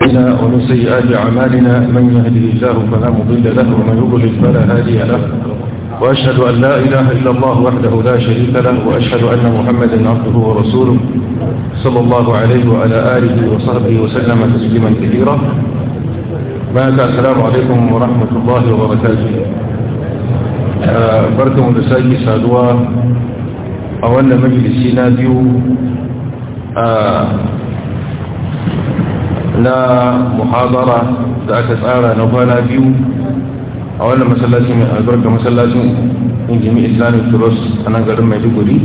ومن سيئات أعمالنا من يهده الله فلا مضل له ومن يضلل فلا هادي له وأشهد أن لا إله إلا الله وحده لا شريك له وأشهد أن محمدا عبده ورسوله صلى الله عليه وعلى آله وصحبه وسلم تسليما كثيرا بعد السلام عليكم ورحمة الله وبركاته آه، بركم لساجي سادوا أولا مجلس ناديو آه، na muhabara da aka tsara na kwana biyu a wannan masallacin mai albarka masallacin injimi islamic trust a nan garin maiduguri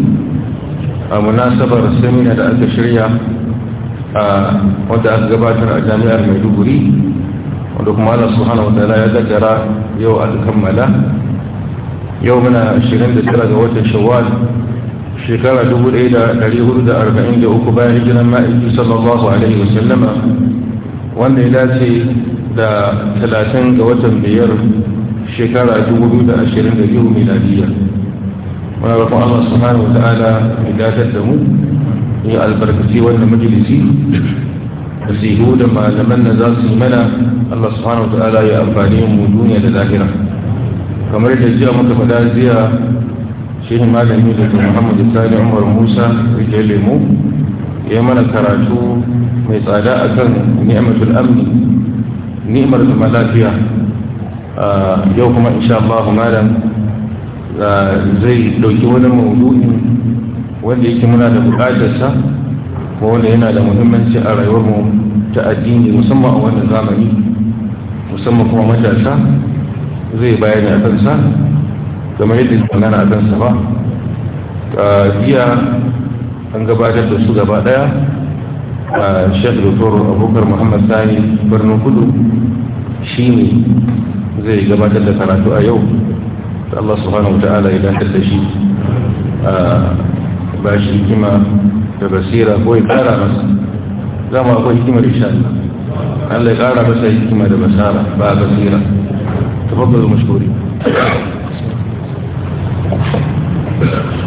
a munasabar samina da aka shirya a wadda aka gabatar a jami'ar maiduguri wadda kuma allah subhanahu wa ta'ala ya daggara yau aka kammala yau muna tara ga watan shawwal shekara 1443 bayan hijiran ma'aiki sallallahu alaihi wasallama wanda ya dace da 30 ga watan biyar shekara 2022 miladiyya wani rufin allah subhanahu wa ta'ala mai datar da mu ya albarkaci wannan majalisi nasihu da malaman na za su yi mana allah subhanahu wa ta'ala ya amfani mu duniya da lahira kamar da jiya muka faɗa jiya shi ne malami da muhammadu sani umar musa rijar lemu ya mana karatu mai tsada a kan ni'amatul amni ni'mar zama lafiya yau kuma insha Allah malam zai dauki wani maudu'in wanda yake muna da bukatarsa ko wanda yana da muhimmanci a rayuwarmu ta addini musamman a wannan zamani musamman kuma matasa zai bayani a kansa kamar yadda magana a kansa ba an gabatar da su gaba daya a shek doktor abubakar muhammad sani birnin kudu shi ne zai gabatar da karatu a yau da allah subhanahu wa ta'ala ya dantar da shi a ba shi hikima da basira ko ya kara masa za mu akwai hikimar isha Allah ya kara masa hikima da basara ba basira tafaddal mashkuri Thank you.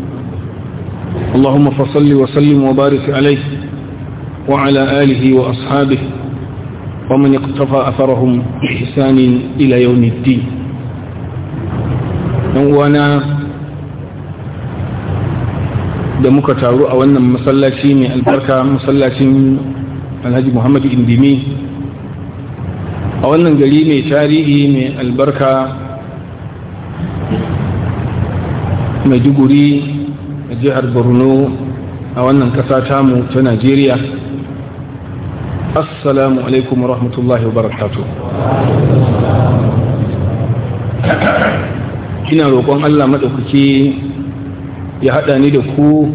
اللهم فصل وسلم وبارك عليه وعلى آله وأصحابه ومن اقتفى أثرهم بإحسان إلى يوم الدين وانا da muka taru a wannan masallaci mai albarka masallacin alhaji muhammadu indimi a wannan gari mai tarihi mai albarka mai duguri jihar borno a wannan kasa tamu ta najeriya assalamu alaikum wa rahmatullahi wa barakatu ina roƙon allah maɗaukaki ya haɗa ni da ku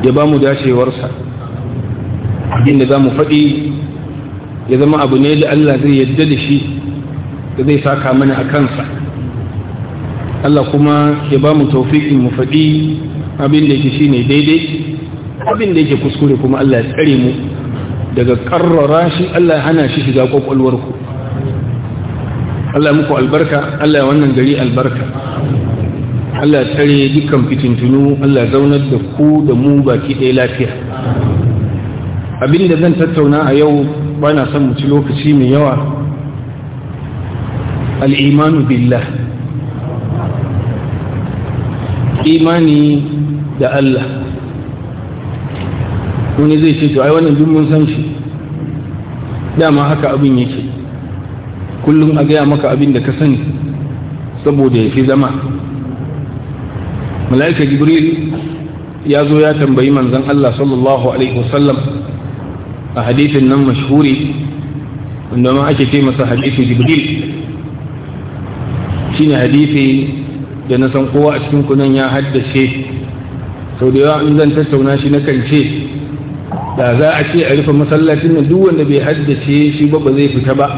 ya ba mu dacewarsa inda za mu faɗi ya zama abu ne da allah zai yadda da shi da zai saka mana a kansa Allah kuma ya ba mu taufiƙin mu faɗi abin da yake shi ne daidai abin da yake kuskure kuma Allah ya tsare mu daga ƙarrara shi Allah ya hana shi shiga ƙwaƙwalwarku Allah ya muku albarka Allah ya wannan gari albarka Allah ya tsare dukkan fitintunu Allah ya zaunar da ku da mu baki ɗaya lafiya abin da zan tattauna a yau bana son mu ci lokaci mai yawa al'imanu billah imani da Allah wani zai ce to ai wannan duk mun san shi dama haka abin yake kullum a gaya maka abin da ka sani saboda ya fi zama mala'ika jibril ya zo ya tambayi manzon Allah sallallahu alaihi wasallam a hadisin nan mashhuri wanda ma ake ce masa hadisi jibril shine hadisi da na san kowa a cikin kunan ya haddace sau da yawa in zan tattauna shi na kan ce da za a ce a rufe masallacin nan duk wanda bai haddace shi ba ba zai fita ba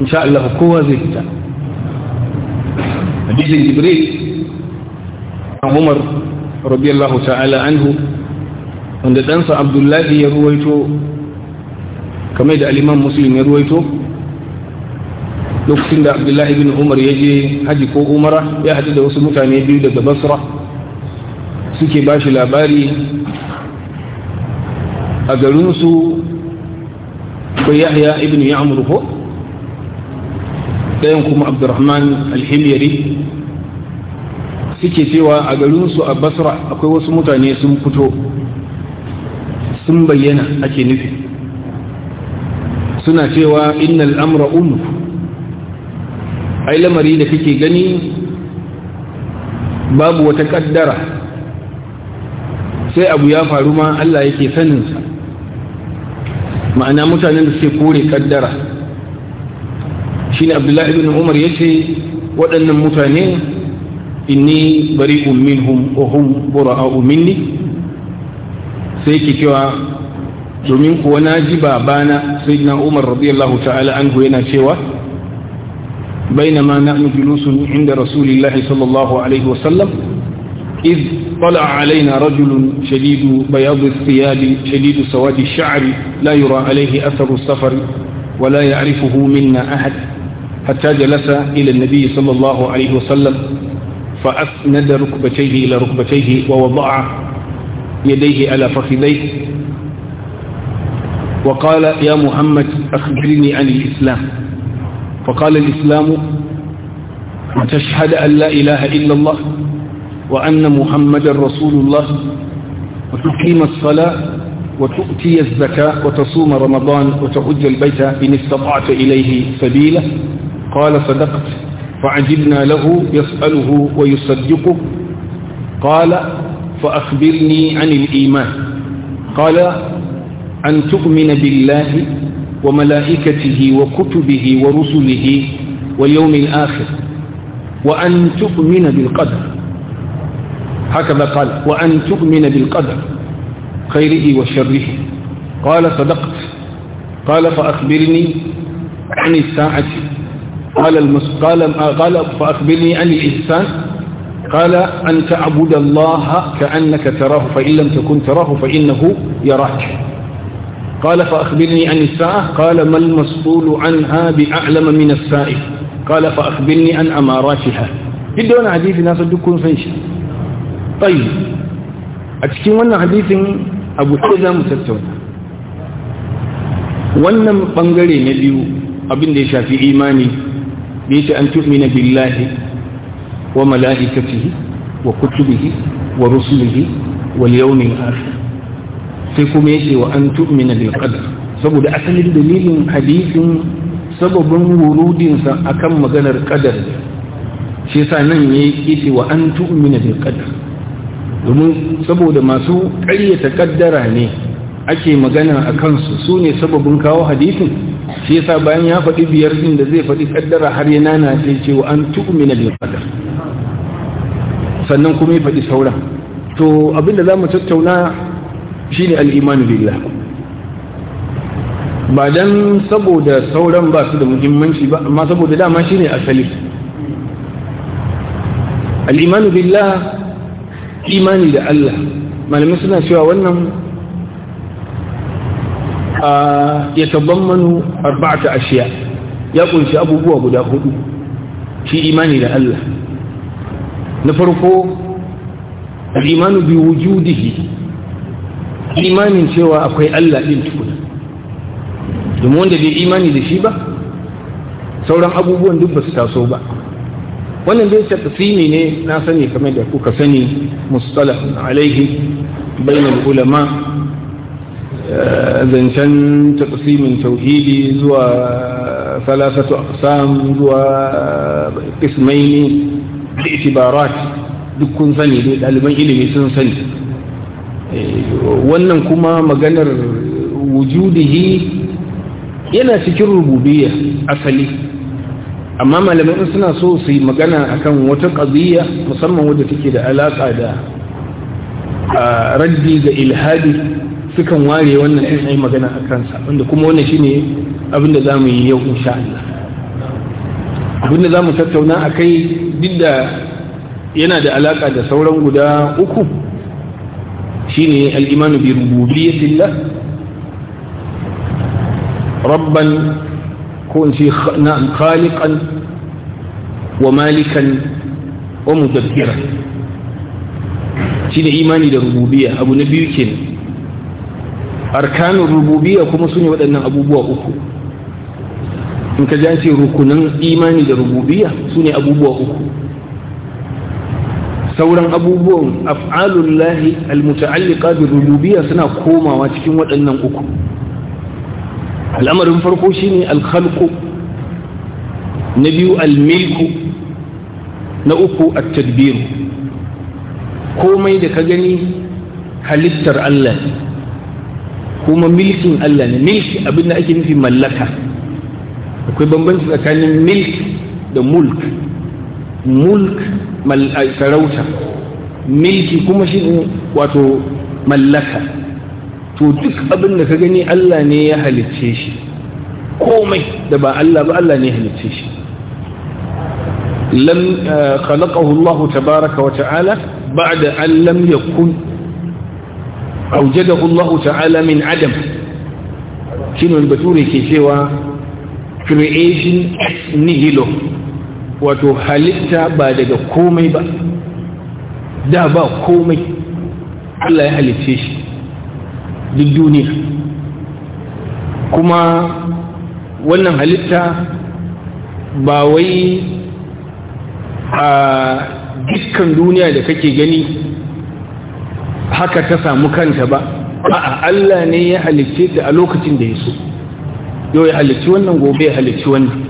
insha Allah kowa zai fita hadisin jibril an umar radiyallahu ta'ala anhu wanda ɗansa abdullahi ya ruwaito kamar da aliman musulun ya ruwaito lokacin da abdullahi bin umar ya je haji ko umara ya haɗu da wasu mutane biyu daga basra suke ba shi labari a garinsu ko yahya ibn ya'mur ko ɗayan kuma abdurrahman alhimyari suke cewa a garinsu a basra akwai wasu mutane sun fito sun bayyana ake nufi suna cewa innal amra umru ai lamari da kake gani babu wata kaddara sai abu ya faru ma Allah yake saninsa ma'ana mutanen da suke kore kaddara ne abdullahi ibn umar yace waɗannan mutane inni bari minhum ohun hum a minni sai ke cewa domin kuwa na ji babana sayyidina umar radiyallahu ta'ala anhu yana cewa بينما نحن جلوس عند رسول الله صلى الله عليه وسلم إذ طلع علينا رجل شديد بياض الثياب شديد سواد الشعر لا يرى عليه أثر السفر ولا يعرفه منا أحد حتى جلس إلى النبي صلى الله عليه وسلم فأسند ركبتيه إلى ركبتيه ووضع يديه على فخذيه وقال يا محمد أخبرني عن الإسلام فقال الإسلام وتشهد أن لا إله إلا الله وأن محمد رسول الله وتقيم الصلاة وتؤتي الزكاة وتصوم رمضان وتعج البيت إن استطعت إليه سبيلا قال صدقت فعجبنا له يسأله ويصدقه قال فأخبرني عن الإيمان قال أن تؤمن بالله وملائكته وكتبه ورسله واليوم الآخر وأن تؤمن بالقدر هكذا قال وأن تؤمن بالقدر خيره وشره قال صدقت قال فأخبرني عن الساعة قال قال قال فأخبرني عن الإحسان قال أن تعبد الله كأنك تراه فإن لم تكن تراه فإنه يراك قال فأخبرني عن الساعة قال ما المسؤول عنها بأعلم من السائف قال فأخبرني عن أماراتها duk da wani hadisi na san duk kun san shi tsayi a cikin wannan hadisin abu ɗaya za mu tattauna wannan ɓangare na biyu abin da ya shafi imani da ya ce an wa mala'ikatihi wa wa rusulihi sai kuma yake wa an tu'mina bil qadar saboda asalin dalilin hadisin sababin wurudinsa akan maganar qadar shi yasa nan yake wa an tu'mina bil qadar domin saboda masu ƙaryata kaddara ne ake magana a kansu su ne sababin kawo hadisin shi yasa bayan ya faɗi biyar din da zai faɗi kaddara har ya nana sai cewa an tu'mina bil qadar sannan kuma ya faɗi sauran to abinda mu tattauna ne al'imanu billah ba dan saboda sauran ba su da muhimmanci ba amma saboda dama shine asali al'imanu billah imani da Allah malamai suna cewa wannan ya tabban manu arba'ata ashiya ya kunshi abubuwa guda hudu shi imani da Allah na farko al'imanu bi wujudihi imanin cewa akwai Allah ɗin tukuna domin wanda bai imani da shi ba sauran abubuwan duk ba su taso ba wannan dai tafsiri ne na sani kamar da kuka sani mustalah alaihi bainal ulama eh, zancen tafsirin tauhidi zuwa salasatu aqsam zuwa ismaini da itibarat duk kun sani dai ɗaliban ilimi sun sani Eh, wannan kuma maganar wujudihi yana cikin rububiyya asali amma malamai suna so su yi magana akan wata qadiyya musamman wadda take da alaka da raddi ga ilhadi sukan ware wannan ɗin ai magana a kansa wanda kuma wannan shine abin da zamu yi yau insha Allah abin da zamu tattauna akai duk da yana da alaka da sauran guda uku شيني الإيمان بربوبية الله ربا كون في نعم خالقا ومالكا ومدبرا شيني إيمان بربوبية أبو نبي كين أركان الربوبية كما سنوا أن أبو بوا أكو إن كجانتي ركنا إيمان بربوبية سنوا أبو بوا أكو sauran abubuwan af'alullahi almuta'alliqa bi rububiyya suna komawa cikin waɗannan uku al'amarin farko shine al-khalqu na biyu al-milku na uku at-tadbir komai da ka gani halittar Allah kuma milkin Allah ne milki abinda ake nufi mallaka akwai bambanci tsakanin milk da mulk mulk sarauta milki kuma shi wato mallaka to duk abin da ka gani Allah ne ya halicce shi komai da ba Allah ba Allah ne ya halicce shi lam khalaqahu Allah tabaaraka wa ta'ala ba'da an lam yakun awjadahu Allah ta'ala min adam shine bature ke cewa creation ex nihilo wato halitta ba daga komai ba da ba komai Allah ya halitce shi duk duniya kuma wannan halitta ba wai a dukkan duniya da kake gani haka ta samu kanta ba a Allah ne ya halicce ta a lokacin da ya so yau ya halicci wannan gobe ya halicci wannan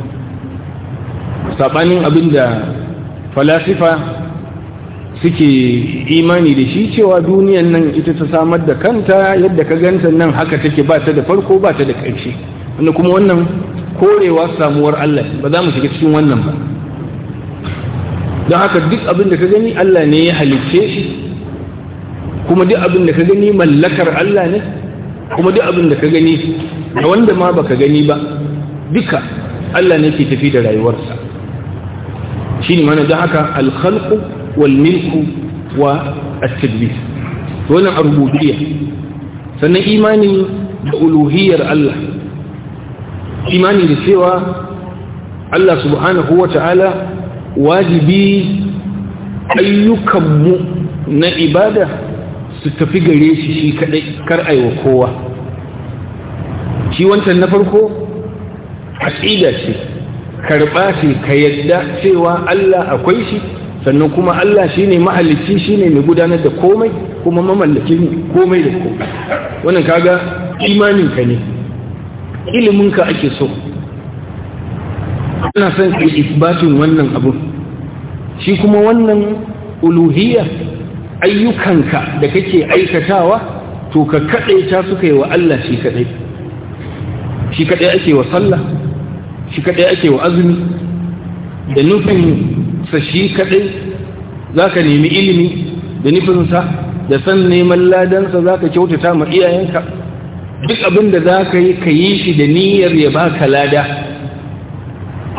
saɓanin abin da falasifa suke imani da shi cewa duniyan nan ita ta samar da kanta yadda ka ganta nan haka take ba ta da farko ba ta da ƙarshe wanda kuma wannan korewa samuwar Allah ba za mu shiga cikin wannan ba don haka duk abin da ka gani Allah ne ya halicce shi kuma duk abin da ka gani mallakar Allah ne kuma duk abin da ka gani wanda ma baka gani ba duka Allah ne ke tafi da rayuwarsa shine mana da haka alhalku khalqu wal milku wa at wannan sannan imani da uluhiyar Allah imani da cewa Allah subhanahu ta'ala wajibi ayyukanmu na ibada su tafi gare shi shi kaɗai kar aiwa kowa shi wancan na farko tsida ce karɓa shi ka yadda cewa Allah akwai shi sannan kuma Allah shi ne mahalicci shi ne mai gudanar da komai kuma mamallakin komai da komai wannan kaga imaninka ne iliminka ake so ana son ka isbatin wannan abu shi kuma wannan uluhiyya ayyukanka da kake aikatawa to ka kaɗaita suka yi wa Allah shi kaɗai shi kaɗai ake wa sallah shi kaɗai ake wa azumi da nufin sa shi kaɗai za ka nemi ilimi da nufinsa da san neman ladansa za ka kyautata ma iyayenka duk abin da za ka yi ka yi shi da niyyar ya ba ka lada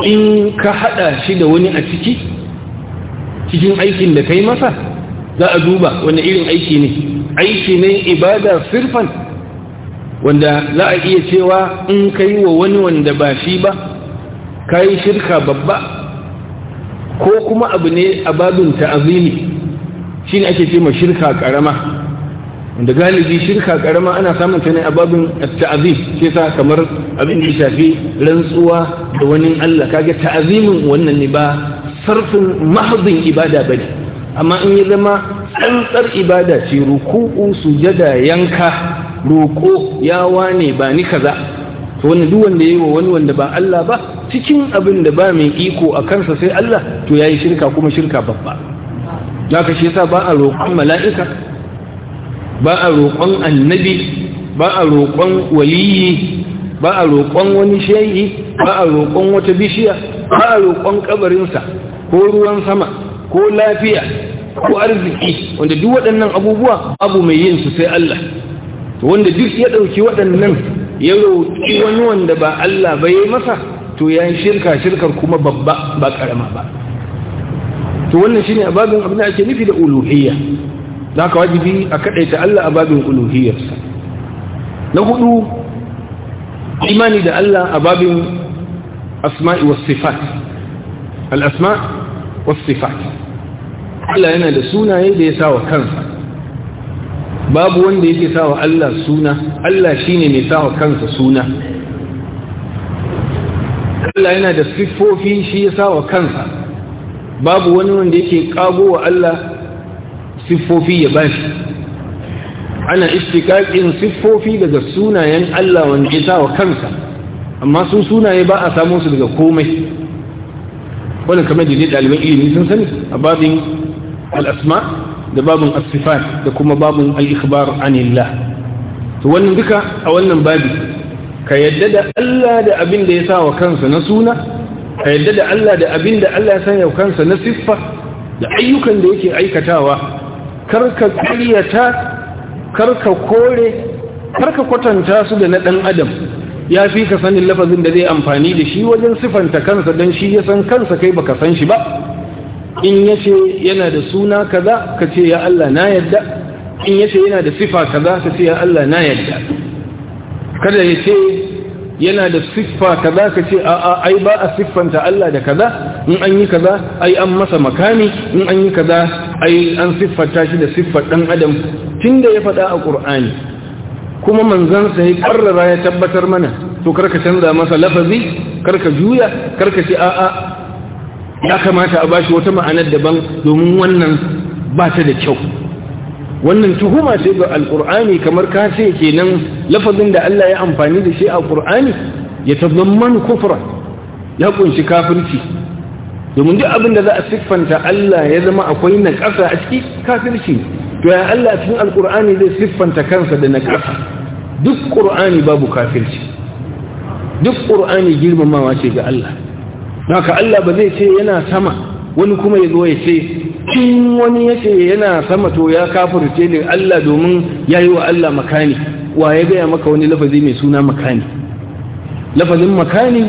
in ka haɗa shi da wani a ciki cikin aikin da ka yi masa za a duba wani irin aiki ne aiki ne ibada sirfan wanda za a iya cewa in ka yi wa wani wanda ba shi ba ka yi shirka babba ko kuma abu ne a babin ta'azimi shi ne ake ce ma shirka karama wanda galibi shirka karama ana samun ta ne a babin ta'azim ke sa kamar abin da shafi rantsuwa da wani Allah kaga ta'azimin wannan ne ba sarfin mahazin ibada bane amma in ya zama tsantsar ibada ce ruku'u sujada yanka roko yawa ne ba ni kaza to wannan duk wanda yayi wa wani wanda ba Allah ba cikin abin da ba mai iko a kansa sai Allah to ya yi shirka kuma shirka babba haka shi yasa ba a roƙon mala'ika ba a roƙon annabi ba a roƙon waliyi ba a roƙon wani shayi ba a roƙon wata bishiya ba a roƙon kabarinsa ko ruwan sama ko lafiya ko arziki wanda duk waɗannan abubuwa abu mai yinsu sai Allah wanda duk ya ɗauki waɗannan ya roƙi wani wanda ba Allah ba ya masa to ya yi shirka shirkar kuma babba ba ƙarama ba to wannan shine a babin abin da ake nufi da uluhiyya za ka wajibi a kaɗaita Allah a babin uluhiyyarsa na hudu imani da Allah a babin asma'i was sifat al-asma was sifat Allah yana da sunaye da ya sa wa kansa babu wanda yake sawa Allah suna Allah shine mai wa kansa suna Allah yana da siffofi shi ya sa wa kansa babu wani wanda yake kago wa Allah siffofi ya bashi ana istikakin siffofi daga sunayen Allah wanda ya sa wa kansa amma su sunaye ba a samu su daga komai wannan kamar da daliban ilimi sun sani a babin al-asma' da babin asifat da kuma babin al anillah to wannan duka a wannan babi ka yadda da Allah da abin da ya sa wa kansa na suna ka yadda da Allah da abin da Allah ya sanya wa kansa na siffa da ayyukan da yake aikatawa karka karyata karka kore karka kwatanta su da na ɗan adam ya fi ka sanin lafazin da zai amfani da shi wajen siffanta kansa don shi ya san kansa kai baka san shi ba in yace yana da suna kaza ka ce ya Allah na yadda in yace yana da sifa kaza ka ce ya Allah na yadda kada ya ce yana da siffa kaza ka ce a a ai ba a siffanta Allah da kaza in an yi kaza ai an masa makami in an yi kaza ai an siffanta shi da siffar dan adam tunda ya faɗa a Qur'ani kuma sa ya karrara ya tabbatar mana to karka canza masa lafazi karka juya karka ce a a ya kamata a bashi wata ma'anar daban domin wannan ba ta da kyau wannan tuhuma ce ga alkur'ani kamar ka ce kenan lafazin da Allah ya amfani da shi a qur'ani ya tazamman kufra ya kunshi kafirci domin duk abin da za a siffanta Allah ya zama akwai naƙasa a ciki kafirci to ya Allah cikin alkur'ani zai siffanta kansa da naƙasa duk ƙur'ani babu kafirci duk ƙur'ani girmamawa ce ga Allah naka Allah ba zai ce yana sama wani kuma ya zo ya ce in wani yake yana sama to ya kafirce ne Allah domin ya yi wa Allah makani wa ya gaya maka wani lafazi mai suna makani lafazin makani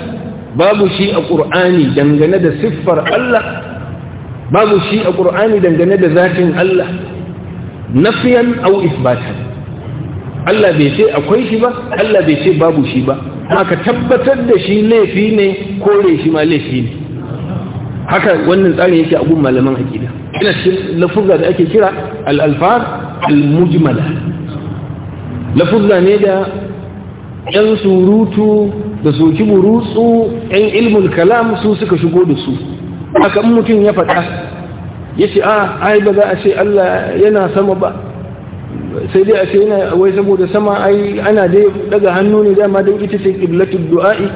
babu shi a ƙur'ani dangane da siffar Allah babu shi a ƙur'ani dangane da zatin Allah nafiyan au isbatan Allah bai ce akwai shi ba Allah bai ce babu shi ba haka tabbatar da shi laifi ne kore shi ma laifi ne haka wannan tsarin yake a gun malaman aƙida ina cikin lafuzza da ake kira al-alfar al-mujmala lafuzza ne da ɗan surutu da soki burutsu ɗan ilmul kalam su suka shigo da su haka mutum ya faɗa yace a ah, ai ba za a ce Allah yana sama ba sai dai a ce yana wai saboda sama ai ana dai daga hannu ne dama da ita ce qiblatud du'a'i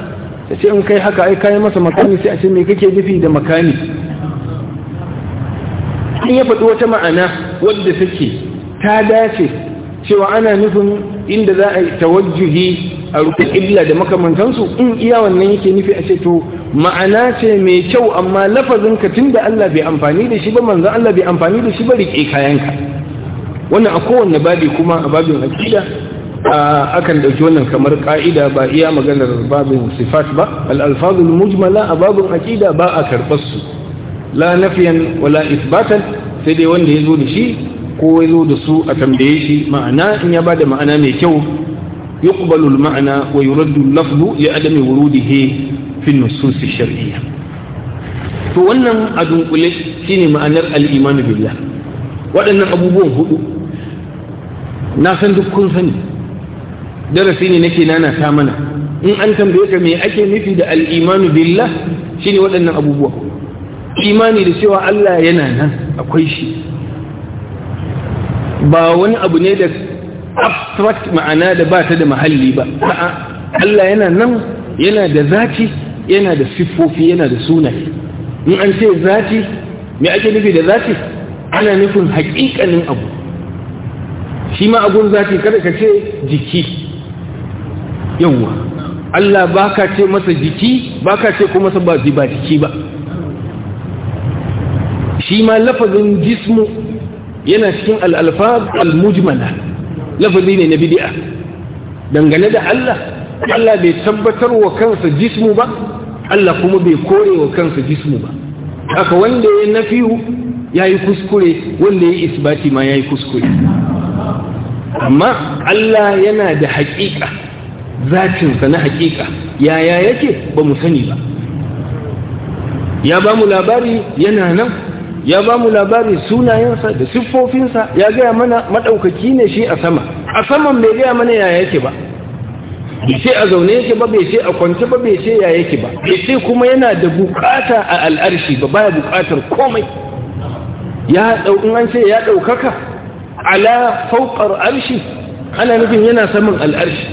ta in kai haka ai kai masa makami sai a ce me kake nufi da makami in ya faɗi wata ma'ana wadda take ta dace cewa ana nufin inda za a yi tawajjuhi a rufe ƙibla da makamantansu in iya wannan yake nufi a ce to ma'ana ce mai kyau amma lafazin ka tunda Allah bai amfani da shi ba manzon Allah bai amfani da shi ba rike kayanka wannan a kowanne babi kuma a babin aqida akan dauki wannan kamar ka'ida ba iya maganar babin sifat ba al-alfazul mujmala a babin aqida ba a karbar su la nafiyan wala isbatan sai dai wanda ya zo da shi ko yazo zo da su a tambaye shi ma'ana in ya bada ma'ana mai kyau yuqbalu al-ma'na wa yuraddu al-lafzu li adami wurudihi fi nusus ash-shar'iyyah to wannan a dunkule shine ma'anar al-iman billah waɗannan abubuwan hudu na san duk kun sani darasi ne nake nana ta mana in an tambaye ka me ake nufi da al'imanu billah shine waɗannan abubuwa imani da cewa Allah yana nan akwai shi ba wani abu ne da abstract ma'ana da ba ta da mahalli ba a'a Allah yana nan yana da zati yana da siffofi yana da suna. in an ce zati me ake nufi da zati ana nufin haƙiƙanin abu shi ma agun zafi kada ka ce jiki yawwa Allah ba ka ce masa jiki ba ka ce kuma ba ba jiki ba shi ma lafazin jismu yana cikin al'alfaz al mujmana lafazi ne na bidi'a dangane da Allah Allah bai tabbatar wa kansa jismu ba Allah kuma bai kore wa kansa jismu ba haka wanda ya nafiyu ya yi kuskure wanda ya isbati ma ya yi kuskure amma Allah yana da haƙiƙa zatinsa na haƙiƙa yaya yake ba mu sani ba ya ba mu labari yana nan ya ba mu labari sunayensa da siffofinsa ya gaya mana maɗaukaki ne shi a sama a saman bai gaya mana yaya yake ba bai ce a zaune yake ba bai ce a kwance ba bai ce ya yake ba bai ce kuma yana da bukata a al'arshi ba baya bukatar komai ya in an ce ya ɗaukaka ala fauƙar arshi ana nufin yana saman al'arshi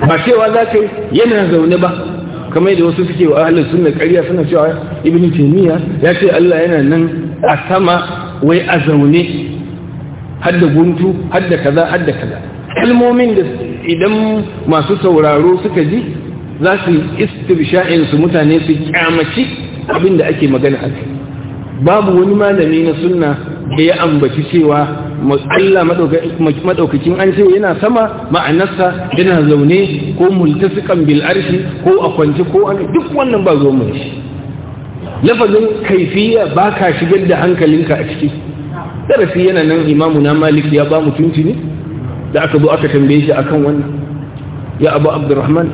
ba cewa za ka yana zaune ba kamar da wasu suke wa ahalin sunna ƙarya suna cewa ibn taimiyya ya ce Allah yana nan a sama wai a zaune hadda guntu hadda kaza hadda kaza kalmomin da idan masu sauraro suka ji za su istibsha'in su mutane su kyamaci abin da ake magana a babu wani malami na sunna da ya ambaci cewa Allah madaukakin an ce yana sama ma'anarsa yana zaune ko multasikan bil arshi ko a kwance ko an duk wannan ba zo mun shi lafazin kaifiya ba ka shigar da hankalinka a ciki darasi yana nan imamu na malik ya ba mu ne da aka zo aka tambaye shi akan wannan ya abu abdurrahman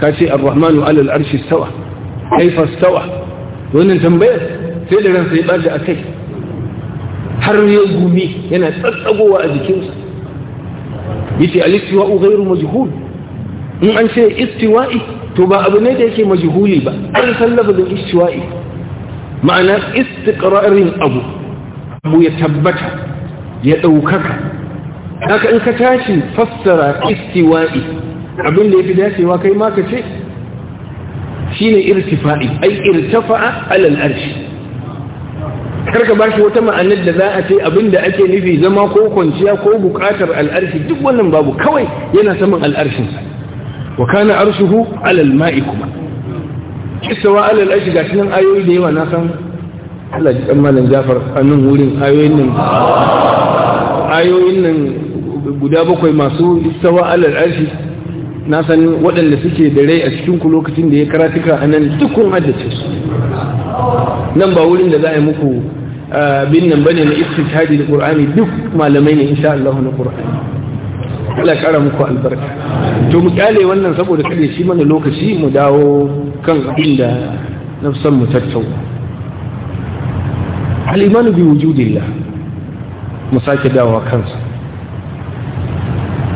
ka ce arrahmanu alal arshi Sawa. kaifa sawa wannan tambayar sai da ransa ya a kai. har ya gumi yana tsatsagowa a jikinsa yace al-istiwa'u majhul in an ce istiwa'i to ba abu ne da yake majhuli ba an san da istiwa'i ma'ana istiqrarin abu abu ya tabbata ya daukaka haka in ka tashi fassara istiwa'i abin da yafi dacewa kai ma ka ce shine irtifa'i ai irtafa'a alal arshi kar ka shi wata ma'anar da za a ce abin da ake nufi zama ko kwanciya ko buƙatar al'arshi duk wannan babu kawai yana saman al'arshinsa wa kana arshuhu alal ma'i kuma kisawa alal arshi gashi nan ayoyi da yawa na san Allah ji dan malam Jafar a nan wurin ayoyin nan ayoyin nan guda bakwai masu istawa alal arshi na san waɗanda suke da rai a cikin ku lokacin da ya karatuka a nan dukkan haddace su nan ba wurin da za a yi muku Abin nan bane na istihadi da qur'ani duk malamai ne insha Allah na qur'ani Allah ya kara muku albarka to mu kyale wannan saboda kada shi mana lokaci mu dawo kan abin da na san mu tattauna al-iman bi wujudillah mu sake dawowa kansa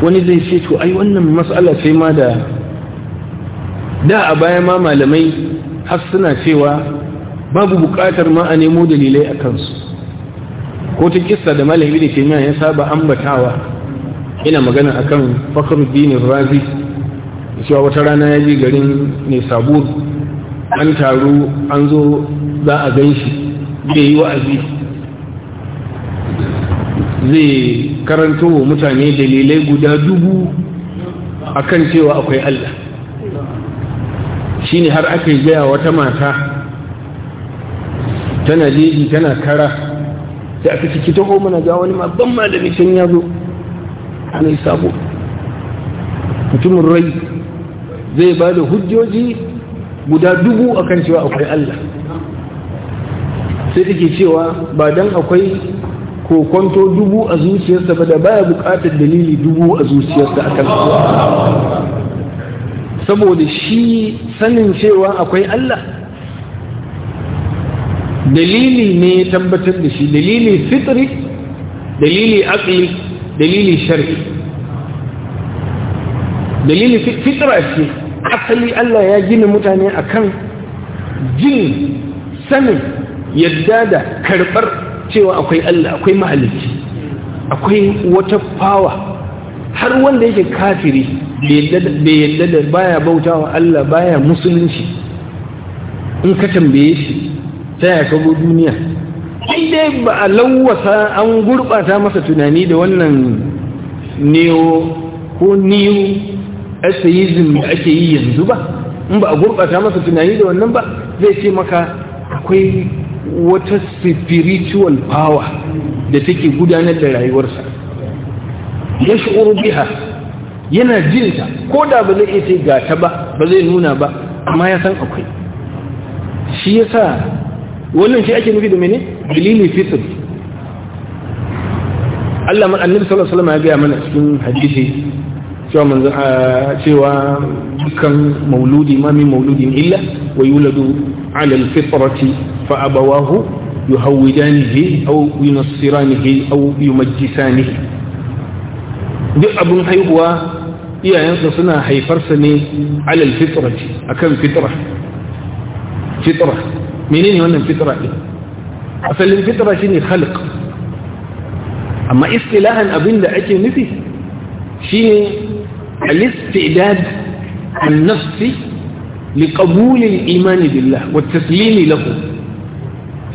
wani zai ce to ai wannan mas'ala sai ma da da a baya ma malamai har suna cewa babu buƙatar ma a nemo dalilai a kansu ko ta da malami da kimiyya ya saba ambatawa ina magana akan fakhruddin razi cewa wata rana ya ji garin ne sabur an taru an zo za a gan shi zai yi wa'azi zai karanto wa mutane dalilai guda dubu A kan cewa akwai Allah Shi ne har aka yi gaya wata mata tana jeji tana kara Da aka ciki taho mana ga wani babban malami can ya zo ana yi sabo mutumin rai zai ba da hujjoji guda dubu akan cewa akwai Allah sai take cewa ba dan akwai kokonto dubu a zuciyarsa ba da baya bukatar dalili dubu a zuciyarsa akan saboda shi sanin cewa akwai Allah dalili ne ya tabbatar da shi dalili fitri dalili aqli dalili shar'i dalili fitra ce asali Allah ya gina mutane akan jin sanin yadda da karbar cewa akwai Allah akwai mahalicci akwai wata fawa har wanda yake kafiri bai yadda da baya bautawa Allah baya musulunci in ka tambaye shi ta ya kago duniya Ai dai ba a lawasa an gurɓata masa tunani da wannan neo ko neo atheism da ake yi yanzu ba in ba a gurɓata masa tunani da wannan ba zai ce maka akwai wata spiritual power da take gudanar da rayuwarsa ya shi'uru biha yana jinta ko da ba zai iya ce gata ba ba zai nuna ba amma ya san akwai shi yasa wannan shi ake nufi da mene dalili fitr Allah man annabi sallallahu alaihi wasallam ya ga mana cikin hadisi cewa manzo cewa dukkan mauludi ma min mauludin illa wa yuladu ala alfitrati fa abawahu yuhawidanihi aw yunassiranihi aw yumajjisanihi duk abun haihuwa iyayensa suna haifarsa ne ala alfitrati akan fitra fitra menene wannan fitra din asalin fitra shine khalq amma istilahan abin da ake nufi shine al-istidad an-nafsi li qabul al-iman billah wa taslim lahu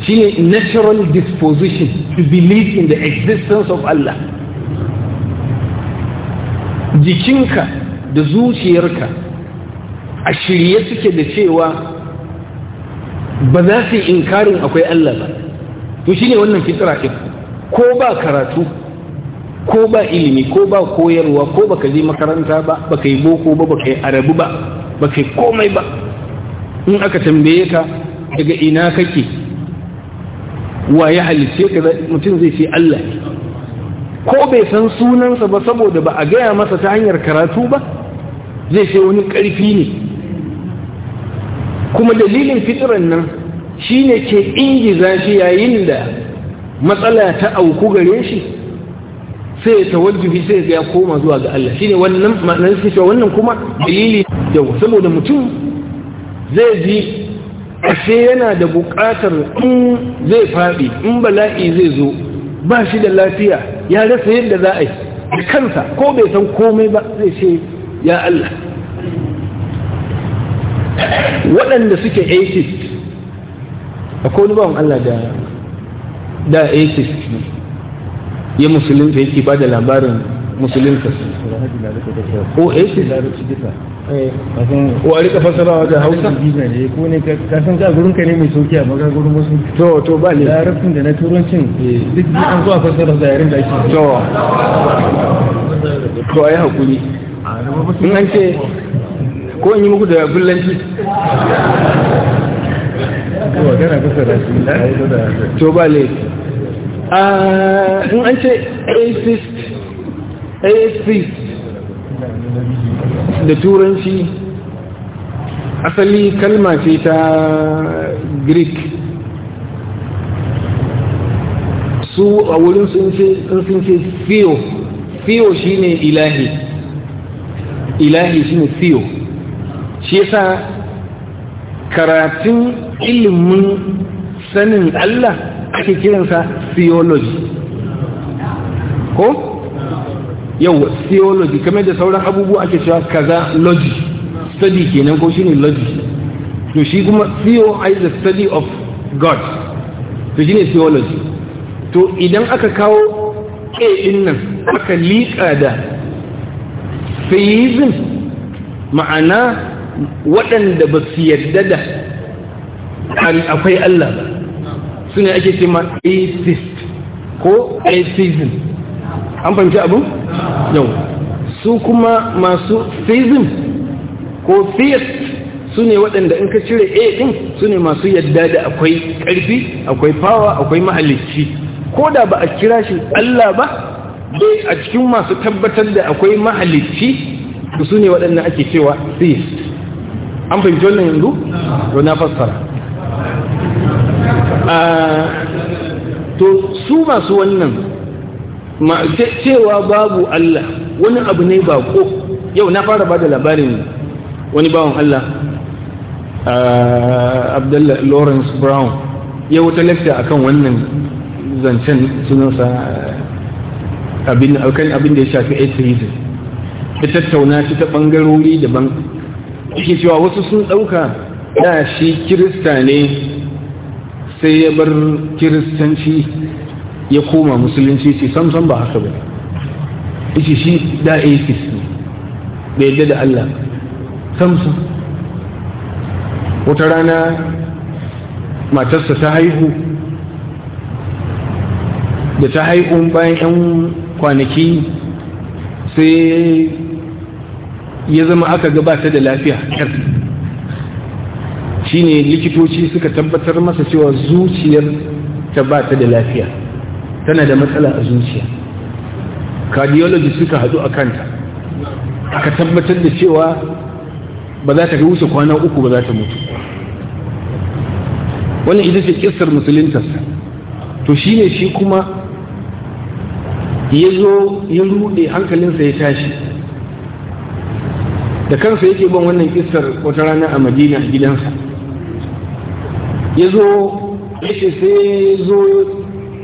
shine natural disposition to believe in the existence of Allah jikinka da zuciyarka a shirye suke da cewa ba za su yi inkarin akwai Allah ba to shine wannan fitra ɗin ko ba karatu ko ba ilimi ko ba koyarwa ko baka je makaranta ba ka yi boko ba baka yi arabu ba ka yi komai ba in aka tambaye ka daga ina kake wa ya halice ka mutum zai ce Allah ko bai san sunansa ba saboda ba a gaya masa ta hanyar karatu ba zai ce wani ƙarfi ne kuma dalilin fitiran nan ne ke ingiza shi yayin da matsala ta auku gare shi sai ya tawajjuhi sai ya koma zuwa ga Allah ne wannan ma'anar cewa wannan kuma dalili da saboda mutum zai ji ashe yana da buƙatar in zai faɗi in bala'i zai zo ba shi da lafiya ya rasa yadda za a yi kansa ko bai san komai ba zai ce ya Allah waɗanda suke atheist akwai wani bawan Allah da da atheist ne ya musulunta yake ba da labarin musulunta o atheist o a rika fasara da hausa ko ne ka san ka gurin ka ne mai sauki a maka gurin wasu to to ba ne larabcin da na turancin duk an zuwa fasara da yarin da ake to a yi hakuri in an ce ko in yi muku da bullanci to ba laifi ah, in an ce acist da turanci asali kalma ce ta greek su a wurin sun ce Fiyo fiyo shine ilahi ilahi shine Fiyo. shi yasa karatun ilimin sanin Allah ake kiransa theology ko yau theology kamar da sauran abubuwa ake cewa kaza logic study kenan ko shine logic to shi kuma theo is the study of god to shine theology to idan aka kawo ke nan aka liƙa da theism ma'ana waɗanda ba su yarda da akwai Allah ba su ne ake cema atheist ko atheism an fahimci abu? yau su kuma masu theism ko theist su ne waɗanda in ka cire a ɗin su ne masu yadda da akwai ƙarfi akwai fawa akwai mahalicci ko da ba a kira shi Allah ba dai a cikin masu tabbatar da akwai mahalicci su ne waɗanda ake cewa theist an fahimci wannan yanzu to na fassara ah, to su masu wannan cewa babu Allah wani abu ne ba ko yau na fara bada labarin wani bawon Allah ah, Abdullah Lawrence Brown ya wuta lafiya akan wannan zancen sunansa abin da ya shafi atheism ta tattauna shi ta bangarori daban yake cewa wasu sun ɗauka da shi kirista ne sai ya bar kiristanci ya koma musulunci ce sam ba haka ba yake shi da atheist ne da yadda da Allah samsam wata rana matarsa ta haihu da ta haihu bayan 'yan kwanaki sai ya zama aka gabata da lafiya Shi ne likitoci suka tabbatar masa cewa zuciyar ta ba ta da lafiya tana da matsala a zuciya cardiology suka hadu a kanta aka tabbatar da cewa ba za ta ga wuce kwana uku ba za ta mutu Wani ita ce kistar musulintarsa to shi ne shi kuma ya zo ya rude hankalinsa ya tashi da kansa yake ban wannan kissar wata rana a madina a gidansa ya zo yake sai ya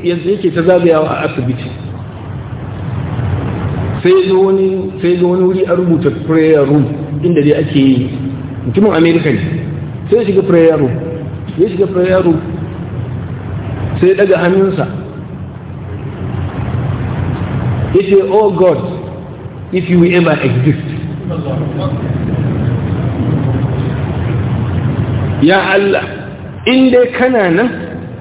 yanzu yake ta zagayawa a asibiti sai zo wani sai zo wani wuri a rubuta prayer room inda dai ake yi mutumin amerika ne sai shiga prayer room ya shiga prayer room sai daga hannunsa ya ce oh god if you ever exist ya Allah in dai kana nan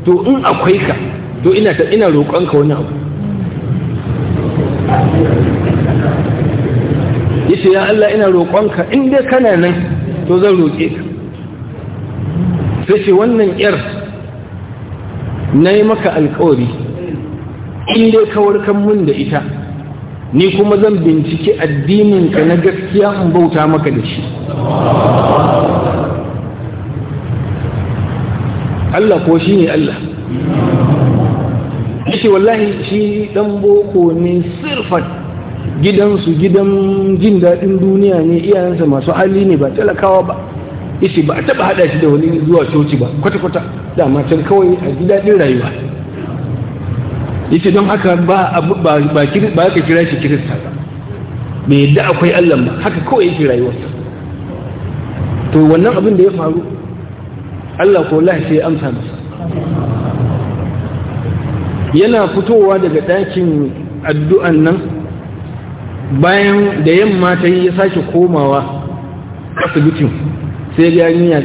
to in akwai ka to ina ta ina roƙonka wani abu yace ya Allah ina roƙonka in dai kana nan to zan roƙe ka sai ce wannan yar na yi maka alƙawari in dai ka warkan mun da ita ni kuma zan binciki addininka na gaskiya in bauta maka da shi Allah ko shi ne Allah yake wallahi shi dan boko ne sirfan gidansu gidan jin daɗin duniya ne iyayensa masu hali ne ba talakawa ba yace ba a taɓa haɗa shi da wani zuwa coci ba kwata-kwata dama can kawai a ji daɗin rayuwa yace don haka ba ba ba ka kira shi kirista ba yadda akwai Allah ba haka kawai yake rayuwarsa to wannan abin da ya faru Allah ko Allah sai amsa masa yana fitowa daga dakin addu'an nan bayan da yamma ta yi ya sake komawa asibitin sai ya niya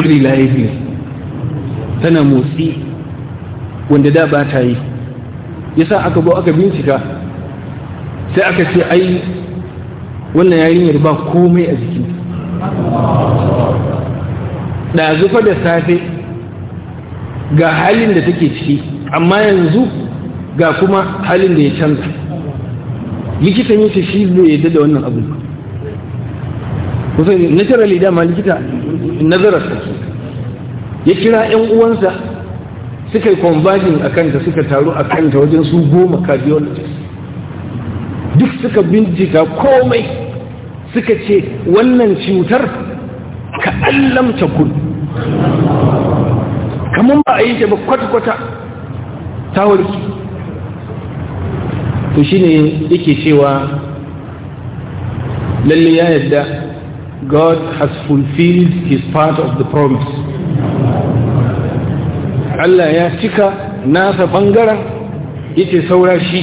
jiri layi tana motsi wanda da ba ta yi yasa aka bo aka bincika sai aka ce ai wannan yarinyar ba komai a jiki da zufa da safe ga halin da take ciki amma yanzu ga kuma halin da ya canza likitan yace shi zai yadda da wannan abu kusan naturally dama likita sa ya kira 'yan uwansa suka yi converging a kanta suka taru a kanta wajen su goma cardiologist duk suka bincika komai suka ce wannan cutar ka allamta kun kamar ba a yi ta ba kwata-kwata ta warki to shi ne yake cewa lalle ya yadda god has fulfilled his part of the promise Allah ya cika nasa bangaren yake saura shi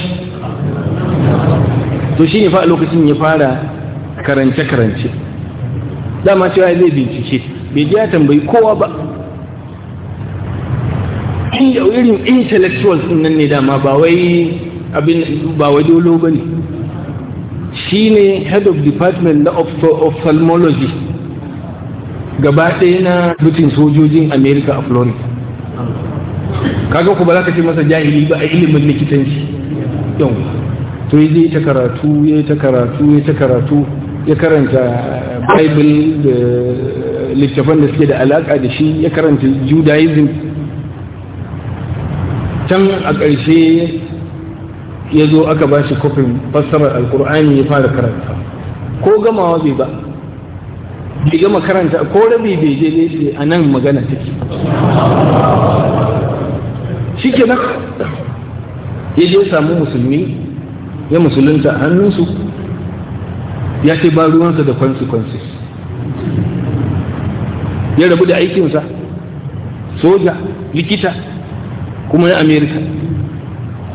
to ne fa lokacin ya fara karance karance dama cewa zai bincike bai ji ya tambayi kowa ba in da irin intellectual nan ne dama ba wai abin ba wai dolo bane ne head of department na ophthalmology gaba ɗaya na butin sojojin america a florida kaga ku ba za ka ce masa jahili ba a ilimin likitanci yau to yi je ta karatu ya ta karatu ya ta karatu ya karanta bible da littafan da suke da alaka da shi ya karanta judaism can a ƙarshe ya zo aka ba shi kofin fassarar alkur'ani ya fara karanta ko gamawa bai ba bai gama karanta ko rabi bai je ne a nan magana take na, ya je samu musulmi ya musulunta a hannunsu ya ce ba ruwansa da consequences ya rabu da aikinsa soja likita kuma na amerika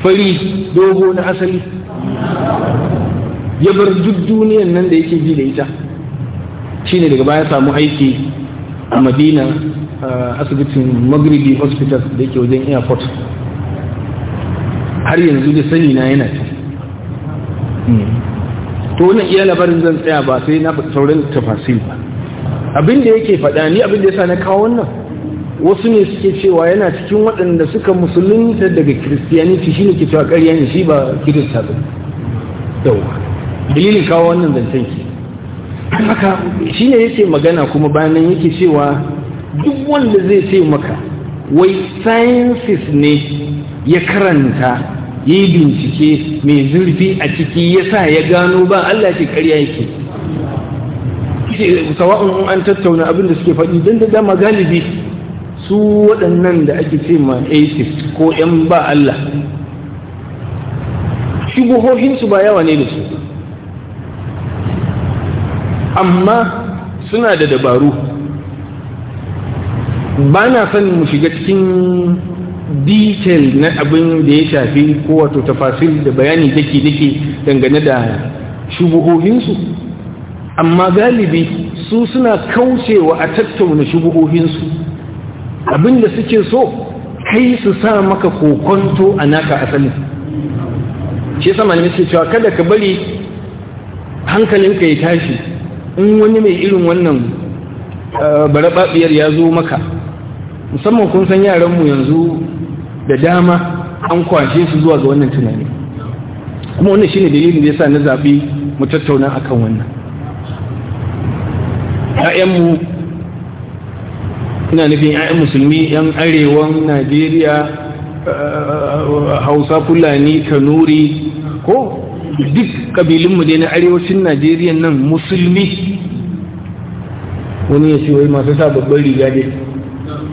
fari dogo na asali ya bar duk duniyan nan da yake ji da ita shine daga baya samu aiki a madina asibitin magribi hospital da yake wajen airport har yanzu da sani na yana hmm. to wani iya labarin zan tsaya ba sai na saurin tafasil ba abin da yake faɗa ni abin da sa na kawo wannan wasu ne suke cewa yana cikin waɗanda suka ta daga kiristiyaniti ne ke cewa ƙarya ne shi ba kirista ba yawa dalilin kawo wannan zancen ki haka shi ne yake magana kuma bayanan yake cewa duk wanda zai ce maka wai sciences ne ya karanta ya yi bincike mai zurfi a ciki ya sa ya gano ba Allah ke karya yake sawa'un an tattauna abin da suke faɗi don da dama galibi su waɗannan da ake ce ma atheist ko 'yan ba Allah Shi shubuhohinsu ba yawa ne da su amma suna da dabaru ba na son mu shiga cikin detail na abin da ya shafi ko wato tafasil da bayani dake dake dangane da shubuhohinsu amma galibi su suna kaucewa a tattauna shubuhohinsu abin da suke so kai su sa maka kokonto a naka asali ce sama ne suke cewa kada ka bari hankalinka ya tashi in wani mai irin wannan eh, barababiyar ya zo maka musamman kun san yaranmu yanzu da dama an kwashe su zuwa ga wannan tunani kuma wannan shine dalilin da yasa na zabi mu tattauna akan wannan ƴaƴanmu ina nufin ƴaƴan musulmi 'yan arewan Najeriya Hausa Fulani Kanuri ko duk kabilunmu dai na arewacin Najeriya nan musulmi wani ya ce wai masu sa babban riga dai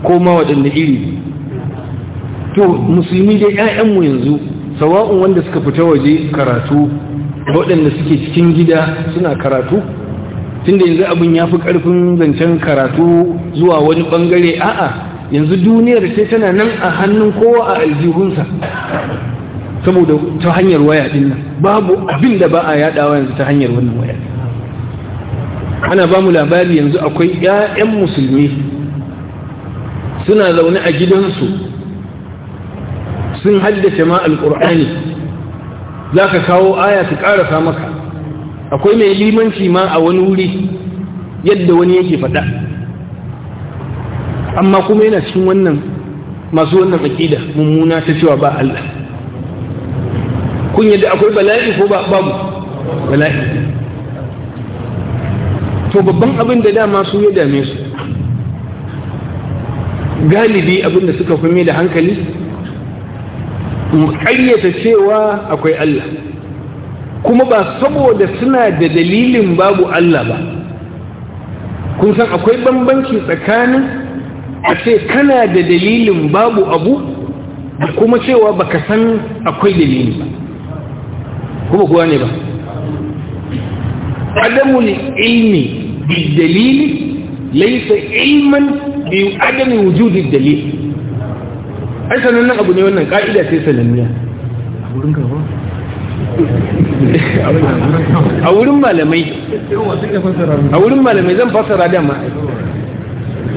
ko ma waɗanda iri to musulmi dai 'ya'yanmu yanzu sawa'un wanda suka fita waje karatu waɗanda suke cikin gida suna karatu tunda yanzu abin ya fi ƙarfin zancen karatu zuwa wani ɓangare a'a yanzu duniyar sai tana nan a hannun kowa a aljihunsa saboda ta hanyar waya ɗin nan babu abin da ba a yaɗawa yanzu ta hanyar wannan waya ana ba mu labari yanzu akwai 'ya'yan musulmi suna zaune a gidansu sun haddace ma alƙur'ani za ka kawo aya su ƙarasa maka akwai mai limanci ma a wani wuri yadda wani yake faɗa amma kuma yana cikin wannan masu wannan aƙida mummuna ta cewa ba Allah kun yadda akwai bala'i ko ba babu bala'i to babban abin da dama su ya dame su galibi abinda suka fi da hankali mu cewa akwai Allah kuma ba saboda suna da dalilin babu Allah ba kun san akwai bambanci tsakanin a ce kana da dalilin babu abu da kuma cewa baka san akwai dalili ba kuma kuwa ne ba adamul ilmi dalili laisa ilman bi adami wujudi dalil ai sanannen abu ne wannan ka'ida sai sananniya a wurin gaba a wurin malamai a wurin malamai zan fasara dama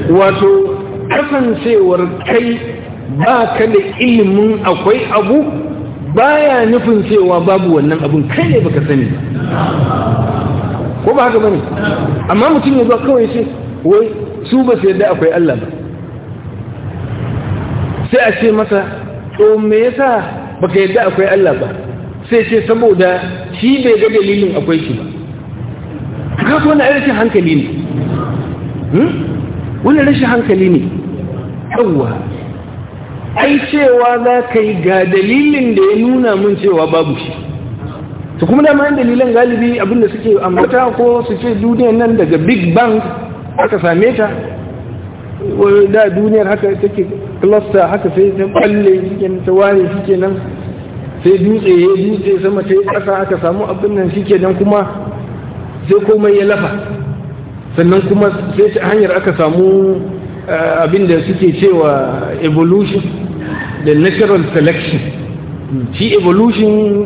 wato cewar kai ba ka da ilimin akwai abu baya nufin cewa babu wannan abun kai ne baka sani ko ba haka bane amma mutum ya zo kawai sai wai su ba su yadda akwai Allah ba sai a ce masa to me yasa baka yadda akwai Allah ba sai ce saboda shi bai ga dalilin akwai shi ba ko wani rashin hankali ne hmm? wani rashin hankali ne yawwa ai cewa za ka yi ga dalilin da ya nuna mun cewa babu shi su kuma da dalilan galibi abinda suke ambata ko su ce duniyan nan daga big bang aka same ta da duniyar haka take cluster haka sai ta balle cikin ta ware shike nan sai dutse ya dutse sama ta yi ƙasa aka samu abin nan ke nan kuma sai komai ya lafa sannan kuma sai ta hanyar aka samu eh, abin da suke cewa evolution da natural selection shi evolution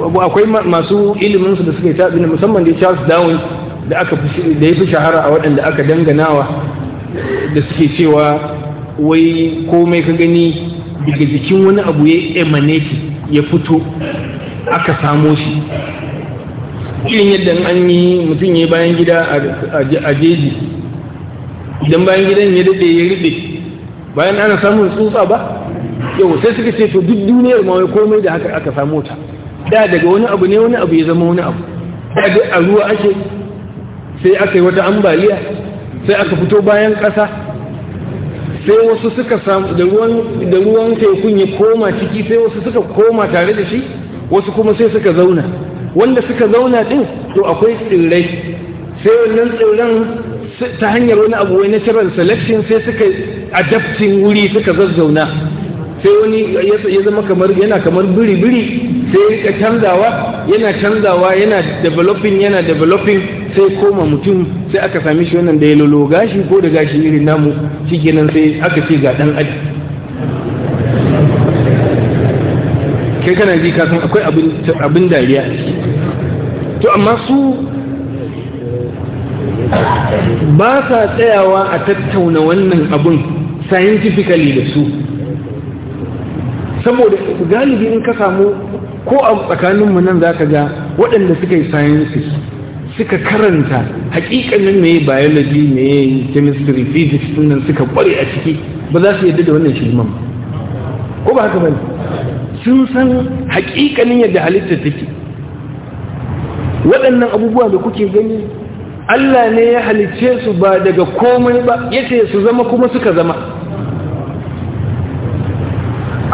eh, akwai masu iliminsu da suka yi tabi musamman da charles darwin da aka da ya fi shahara a waɗanda aka danganawa da suke cewa wai komai ka gani daga jikin wani abu ya emanate ya fito aka samo shi irin yadda an yi mutum ya bayan gida a jeji idan bayan gidan ya daɗe ya riɗe bayan ana samun tsutsa ba yau sai suka ce to duk duniyar ma wai komai da haka aka samo ta da daga wani abu ne wani abu ya zama wani abu da a ruwa ake sai aka yi wata ambaliya sai aka fito bayan ƙasa sai wasu suka samu da ruwan tekun ya koma ciki sai wasu suka koma tare da shi wasu kuma sai suka zauna wanda suka zauna din to akwai tsirrai sai wannan tsirran ta hanyar wani abu wai natural selection sai suka adaptin wuri suka zazzauna sai wani ya zama kamar yana kamar biri-biri sai ya canzawa yana canzawa yana developing yana developing sai koma mutum sai aka sami shi wannan da ya lolo gashi ko da gashi irin namu kenan sai aka ce ga dan aji kai kana ji ka san akwai abin dariya to amma su ba sa tsayawa a tattauna wannan abin scientifically da su saboda galibi in ka samu ko a tsakaninmu nan za ka ga waɗanda suka yi sciences suka karanta hakikanin me biology me chemistry physics nan suka kware a ciki ba za su yadda da wannan shirman ko ba haka bane sun san hakikanin yadda halitta take waɗannan abubuwa da kuke gani Allah ne ya halicce su ba daga komai ba yace su zama kuma suka zama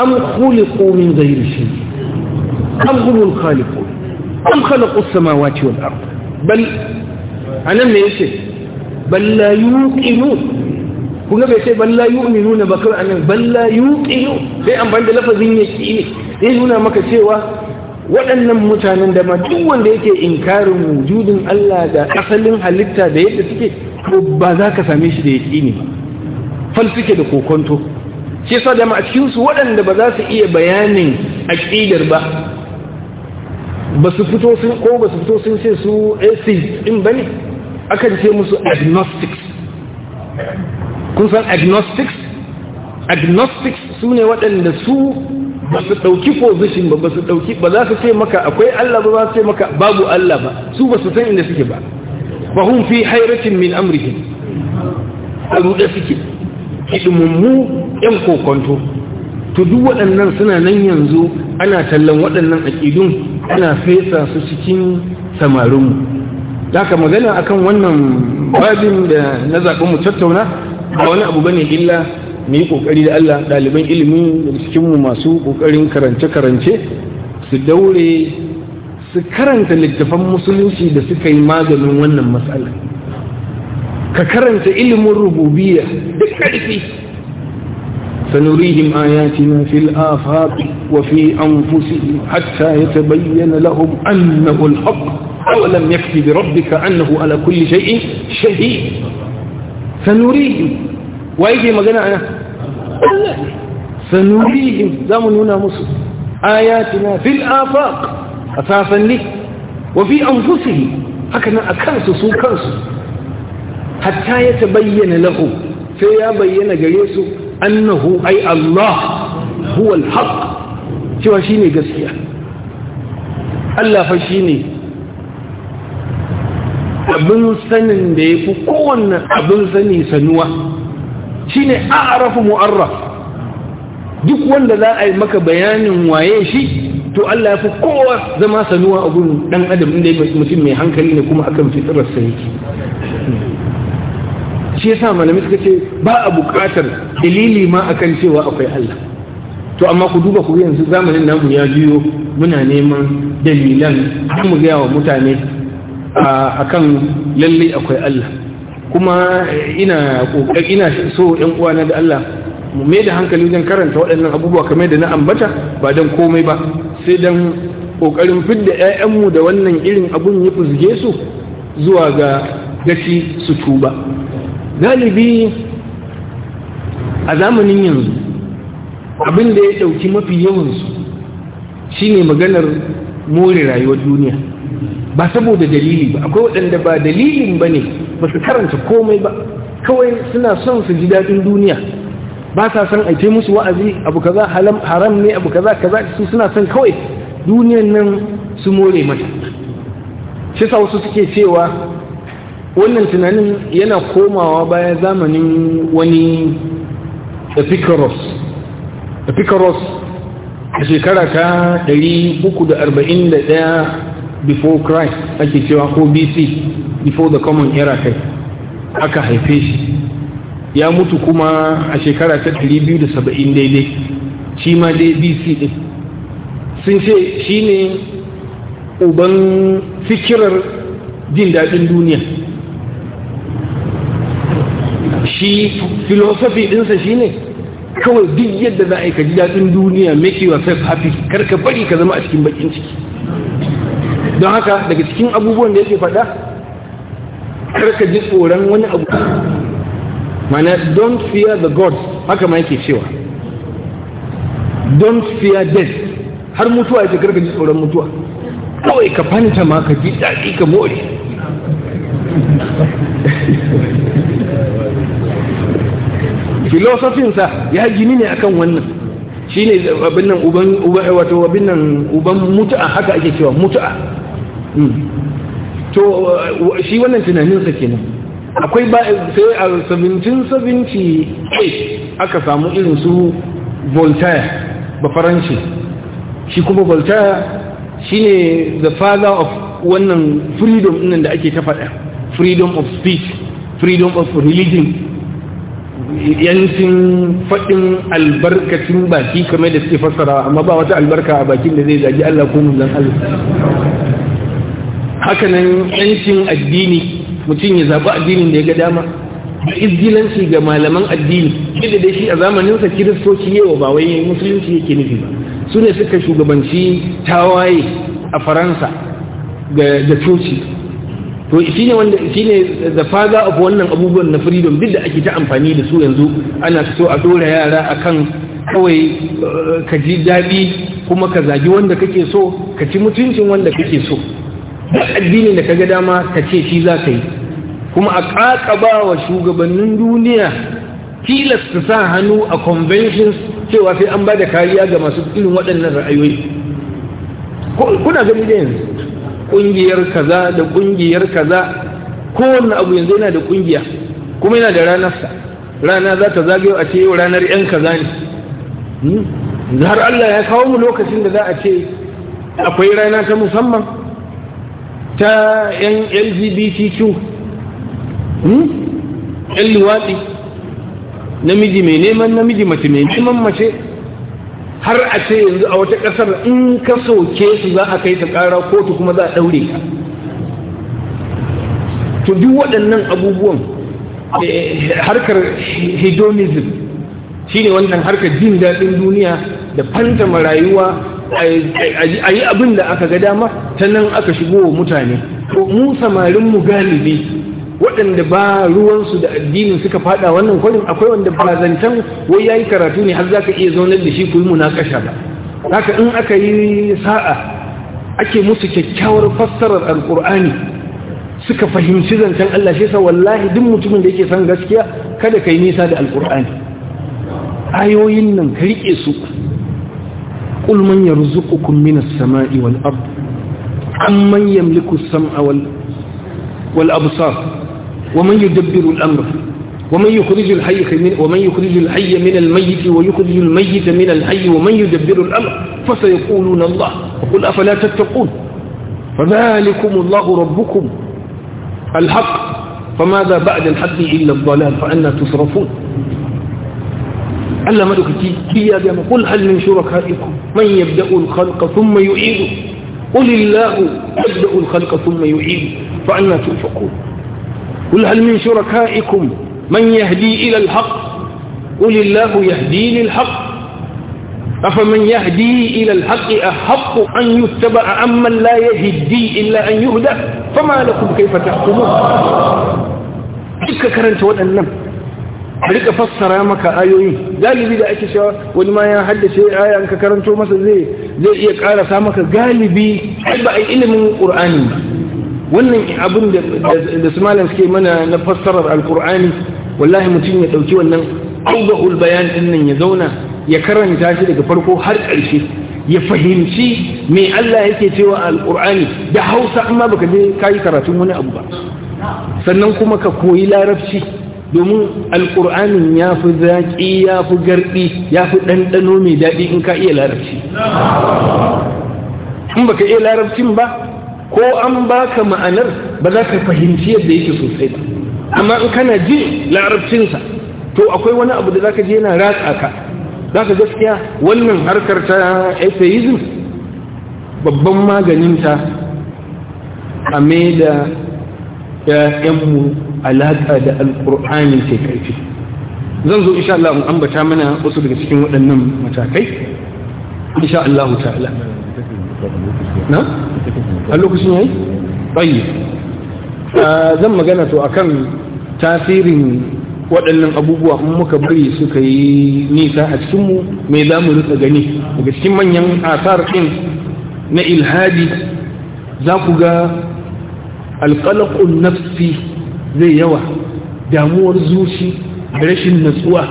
am khuliqu min ghayri shay am al khaliqun am khalaqu as-samawati wal ardh bal anan ne yake bal la yuqinu kun ga bai ce bal la yu'minuna ba bakar anan bal la yuqinu sai an da lafazin ne sai nuna maka cewa waɗannan mutanen da ma duk wanda yake inkarin wujudin Allah da asalin halitta da yadda suke ko ba za ka same shi da yaƙini ba fal suke da kokonto shi yasa da ma a cikin su waɗanda ba za su iya bayanin aqidar ba ba su fito sun ko ba su fito sun ce su atheists in bane akan ce musu agnostics kun san agnostics agnostics su ne waɗanda su ba su ɗauki position ba ba su ɗauki ba za su ce maka akwai Allah ba za su ce maka babu Allah ba su ba su san inda suke ba ba hun fi hairacin min amrihim a ruɗe suke hidimummu ‘yan kokonto to duk waɗannan suna nan yanzu ana tallan waɗannan aƙidun ana fesa su cikin Da ka magana akan wannan babin da na zaɓi mu tattauna ba wani abu bane illa mu yi ƙoƙari da Allah ɗaliban ilimi da cikinmu masu ƙoƙarin karance-karance su daure su karanta littafan musulunci da suka yi maganin wannan matsala ka karanta ilimin rububiya duk ƙarfi سنريهم آياتنا في الآفاق وفي أنفسهم حتى يتبين لهم أنه الحق أولم يكفي بربك أنه على كل شيء شهيد سنريهم ويجي مجانا أنا سنريهم زمن هنا مصر آياتنا في الآفاق أثافا لي وفي أنفسهم هكذا أكنس سوكنس حتى يتبين له بينا جيسو annahu ai Allah huwa al-haq cewa shine gaskiya Allah fa shine abin sanin da yafi kowanne abin sani sanuwa shine a'rafu mu'arraf duk wanda za a yi maka bayanin waye shi to Allah fi kowa zama sanuwa a gurin dan adam inda mutum mai hankali ne kuma akan fitrar sa yake shi yasa malami suka ce ba a buƙatar dalili ma akan cewa akwai Allah to amma ku duba ku yanzu zamanin namu ya biyo muna neman dalilan har mu gaya wa mutane akan lalle akwai Allah kuma ina kokari ina so yan na da Allah mu mai da hankali wajen karanta waɗannan abubuwa kamar da na ambata ba dan komai ba sai dan ƙoƙarin fidda 'ya'yanmu da wannan irin abun ya fuzge su zuwa ga gashi su tuba galibi a zamanin yanzu abinda ya ɗauki mafi yawansu shine maganar more rayuwar duniya ba saboda dalili ba akwai waɗanda ba dalilin ba ne ba su karanta komai ba kawai suna son su ji daɗin duniya ba sa son aike musu wa'azi abu kaza haram ne abu kaza kaza su suna son kawai duniyan nan su more mata shi sa wasu suke cewa wannan tunanin yana komawa baya zamanin wani epicurus epicurus a shekara ta 341 before christ ake cewa ko bc before the common era kai aka haife shi ya mutu kuma a shekara ta 270 daidai shi ma dai bc din sun ce shi ne uban fikirar jin daɗin duniya shi filosofi ɗinsa shi ne kawai duk yadda za a yi kaji ji daɗin duniya make yourself happy karka bari ka zama a cikin bakin ciki don haka daga cikin abubuwan da yake faɗa karka ji tsoron wani abu mana don't fear the gods haka ma yake cewa don't fear death har mutuwa yake karka ji tsoron mutuwa kawai ka fanta ma ka ji daɗi ka more filosofinsa ya gini ne akan wannan shi ne abin nan uban wato abin nan uban mutu'a haka ake cewa mutu'a hmm. to shi wannan tunaninsa kenan akwai ba sai a 1778 aka samu irin su voltaire ba faranshi shi kuma voltaire shi ne the father of wannan freedom ɗin da ake ta faɗa freedom of speech freedom of religion yancin faɗin albarkacin baki kamar da suke fassara amma ba wata albarka a bakin da zai zagi Allah ko mun Allah hakanan yancin addini mutum ya zaɓi addinin da ya ga dama da izgilanci ga malaman addini inda dai shi a zamaninsa kiristoci yawa ba wai musulunci yake nufi ba su ne suka shugabanci tawaye a faransa da coci to shi ne wanda shi ne the father of wannan abubuwan na freedom duk da ake ta amfani da su yanzu ana so a dora yara akan kawai eh, ka ji daɗi kuma ka zagi wanda kake so ka ci mutuncin wanda kake so duk addinin da ka ga dama ka ce shi za ka yi kuma a ƙaƙaba wa shugabannin duniya tilasta sa hannu a conventions cewa sai an ba da kariya ga masu irin waɗannan ra'ayoyi kuna gani da yanzu Kungiyar kaza da kungiyar kaza kowanne abu yanzu yana da kungiya kuma yana da ranarsa rana za ta zagayo a ce yau ranar 'yan kaza ne hmm? har Allah ya kawo mu lokacin da za a ce akwai rana ta musamman ta 'yan lgbtq 'yan hmm? luwaɗi namiji mai neman namiji mace mai neman mace har a ce yanzu a wata ƙasar in ka soke su za a kai ka ƙara kotu kuma za a ɗaure ka to duk waɗannan abubuwan eh, harkar hedonism shi ne wannan harkar jin daɗin duniya da fantama rayuwa a yi abin da aka ga dama ta nan aka shigo wa mutane mu samarin mu galibi waɗanda ba ruwansu da addinin suka fada wannan kwarin akwai wanda ba zancen ya yi karatu ne har zaka iya zaunar da shi ku yi munakasha ba haka in aka yi sa'a ake musu kyakkyawar fassarar alkur'ani suka fahimci zancen Allah shi wallahi duk mutumin da yake san gaskiya kada kai nisa da alkur'ani ayoyin nan ka rike su قل من sama'i من السماء والأرض أم من sam'a السمع وال... والأبصار ومن يدبر الأمر ومن يخرج الحي من ومن يخرج الحي من الميت ويخرج الميت من الحي ومن يدبر الأمر فسيقولون الله وقل أفلا تتقون فذلكم الله ربكم الحق فماذا بعد الحق إلا الضلال فأنا تصرفون ألا ملك كيادة قل هل من شركائكم من يبدأ الخلق ثم يعيده قل الله يبدأ الخلق ثم يعيده فأنا تؤفقون قل هل من شركائكم من يهدي إلى الحق قل الله يهدي للحق أفمن يهدي إلى الحق أحق أن يتبع أما لا يهدي إلا أن يهدى فما لكم كيف تحكمون ذكر أنت والأنم فسر يامك آيوي قال لي بذلك شواء ولما يحدث آية أنك كرنتو مثل ذي ذي إيك سامك قال لي بي أي إلي القرآن wannan abin da su malam suke mana na fassarar alkur'ani wallahi mutum ya ɗauki wannan auzahul bayan din nan ya zauna ya karanta shi daga farko har ƙarshe ya fahimci me Allah yake cewa alkur'ani da hausa amma baka je kayi karatun wani abu ba sannan kuma ka koyi larabci domin alkur'anin ya fi zaƙi ya fi garɗi ya fi ɗanɗano mai daɗi in ka iya larabci in baka iya larabcin ba ko an baka ma'anar ba za ka fahimci yadda yake sosai ba amma in kana ji larabcinsa to akwai wani abu da za ka je yana ratsa ka za ka gaskiya wannan harkar ta atheism babban maganinta a mai da ‘ya'yanmu alaƙa da alƙur'ani ke karfi zan zo insha Allah ambata mana wasu daga cikin waɗannan matakai insha Allah ta'ala na? a lokacin yayi bayi zan magana to akan tasirin waɗannan abubuwa in muka bari suka yi nisa a cikinmu mai za mu rika gani daga cikin manyan asar ɗin na ilhadi za ku ga alƙalaƙun nafsi zai yawa damuwar zuci da rashin natsuwa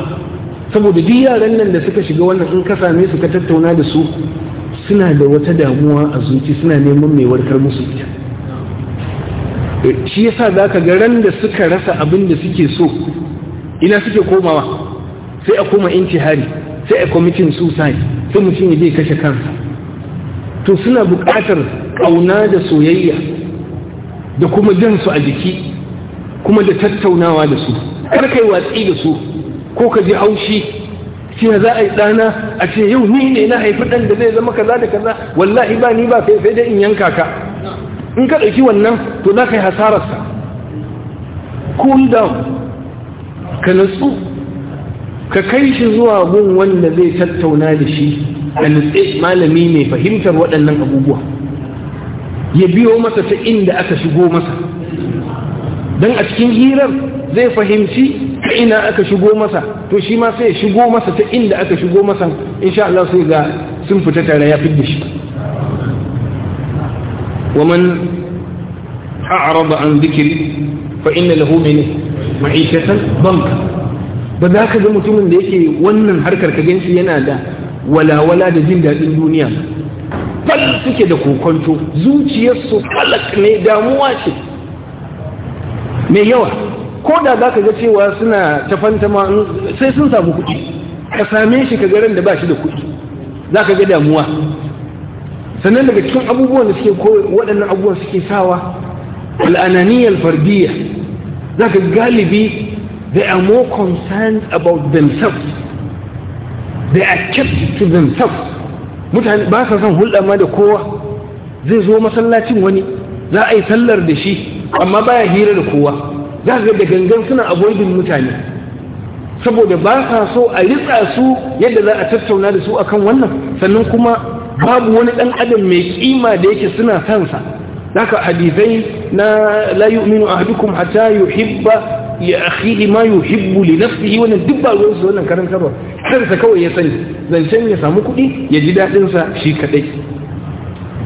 saboda duk yaran nan da suka shiga wannan in kasa ne suka tattauna da su suna da wata damuwa a zuci suna neman mai warkar musu ita e, shi yasa za ka ga ran da suka rasa abin da suke so ina suke komawa sai a koma inci hari, sai a kwamitin suicide sai mutum ya je kashe kansa to suna buƙatar ƙauna da soyayya da kuma jan su a jiki kuma da tattaunawa da su kar kai watsi da su ko ka ji haushi shi za a yi ɗana a ce yau ni ne na haifi ɗan da zai zama kaza da kaza wallahi ba ni ba sai dai in yanka ka in ka ɗauki wannan to za ka yi hasararsa cool down ka nutsu ka kai shi zuwa gun wanda zai tattauna da shi a malami mai fahimtar waɗannan abubuwa ya biyo masa ta inda aka shigo masa don a cikin hirar zai fahimci ta ina aka shigo masa to shi ma sai ya shigo masa ta inda aka shigo masa insha Allah sai ga sun fita tare ya fidda shi ومن أعرض عن ذكري فإن له منه Ba za ka ذا mutumin da yake wannan harkar ka ganshi yana da walawala da jin daɗin duniya fal suke da kokonto zuciyarsu halak ne damuwa ce mai yawa ko da za ka ga cewa suna ta sai sun samu kuɗi ka same shi ka garin da ba shi da kuɗi za ka ga damuwa sannan daga cikin abubuwan da suke waɗannan abubuwan suke sawa al'ananiyar fardiyya za ka galibi they are more concerned about themselves they are kept to themselves mutane ba sa son hulɗa ma da kowa zai zo masallacin wani za a yi sallar da shi amma baya hira da kowa za ga da gangan suna avoidin mutane saboda ba sa so a ritsa su yadda za a tattauna da su akan wannan sannan kuma babu wani dan adam mai kima da yake suna sansa aka hadisai na la yu'minu ahadukum hatta yuhibba li akhihi ma yuhibbu li nafsihi wannan duk ba ruwan su wannan karantarwa kansa kawai ya sani zancen ya samu kuɗi ya ji daɗinsa sa shi kadai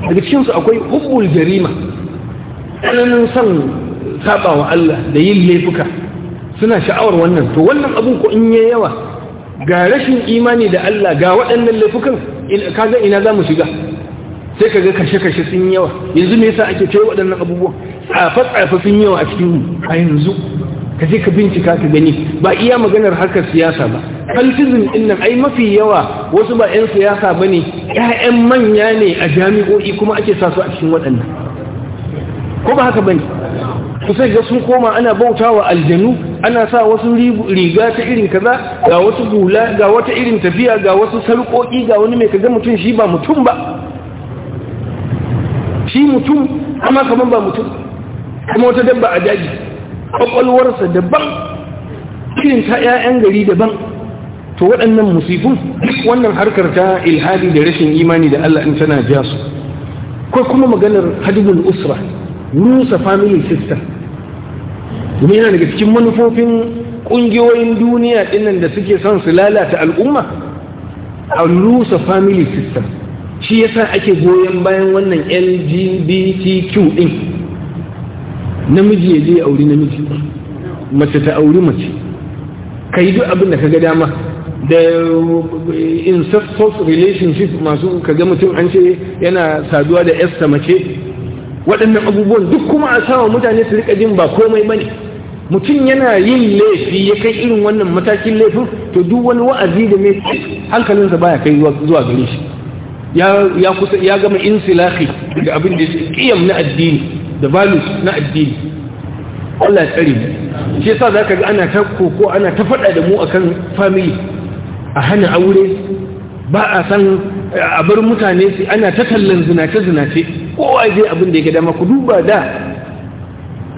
daga cikin su akwai hubbul jarima tsananin san saba wa Allah da yin laifuka suna sha'awar wannan to wannan abun ko in yayi yawa ga rashin imani da Allah ga waɗannan laifukan kaga ina za mu shiga sai kaga kashe-kashe sun yawa yanzu me yasa ake cewa waɗannan abubuwa tsafe-tsafe sun yawa a cikin a yanzu ka je ka bincika ka gani ba iya maganar harkar siyasa ba kalfizin din ai mafi yawa wasu ba 'yan siyasa ba ne 'ya'yan manya ne a jami'o'i kuma ake sa a cikin waɗannan ko ba haka ba kusan ga sun koma ana bauta wa aljanu ana sa wasu riga ta irin kaza ga wasu hula ga wata irin tafiya ga wasu sarƙoƙi ga wani mai kaza mutum shi ba mutum ba shi mutum amma kaman ba mutum kuma wata dabba a daji ƙwaƙwalwarsa daban irin ta 'ya'yan gari daban to waɗannan musifin wannan harkar ta ilhadi da rashin imani da Allah in tana ja su ko kuma maganar hadibul usra rusa family system domin yana daga cikin manufofin ƙungiyoyin duniya ɗinnan da suke son su lalata al'umma a rusa family system shi yasa ake goyon bayan wannan lgbtq ɗin namiji ya je ya auri namiji mace ta auri mace ka yi duk abin da ka ga dama da incestuous relationship masu ka ga mutum an ce yana saduwa da yasta mace waɗannan abubuwan duk kuma a sawa mutane su rika jin ba komai ba ne mutum yana yin laifi ya kai irin wannan matakin laifin to duk wani wa'azi da mai hankalinsa baya kai zuwa gare shi ya kusa ya gama insilahi daga abin da ya kiyam na addini da na addini Allah tsari shi yasa zaka ga ana ta koko ana ta fada da mu akan family a hana aure ba a san a bar mutane ana ta tallan zinace zinace kowa zai abin da ya gada ku duba da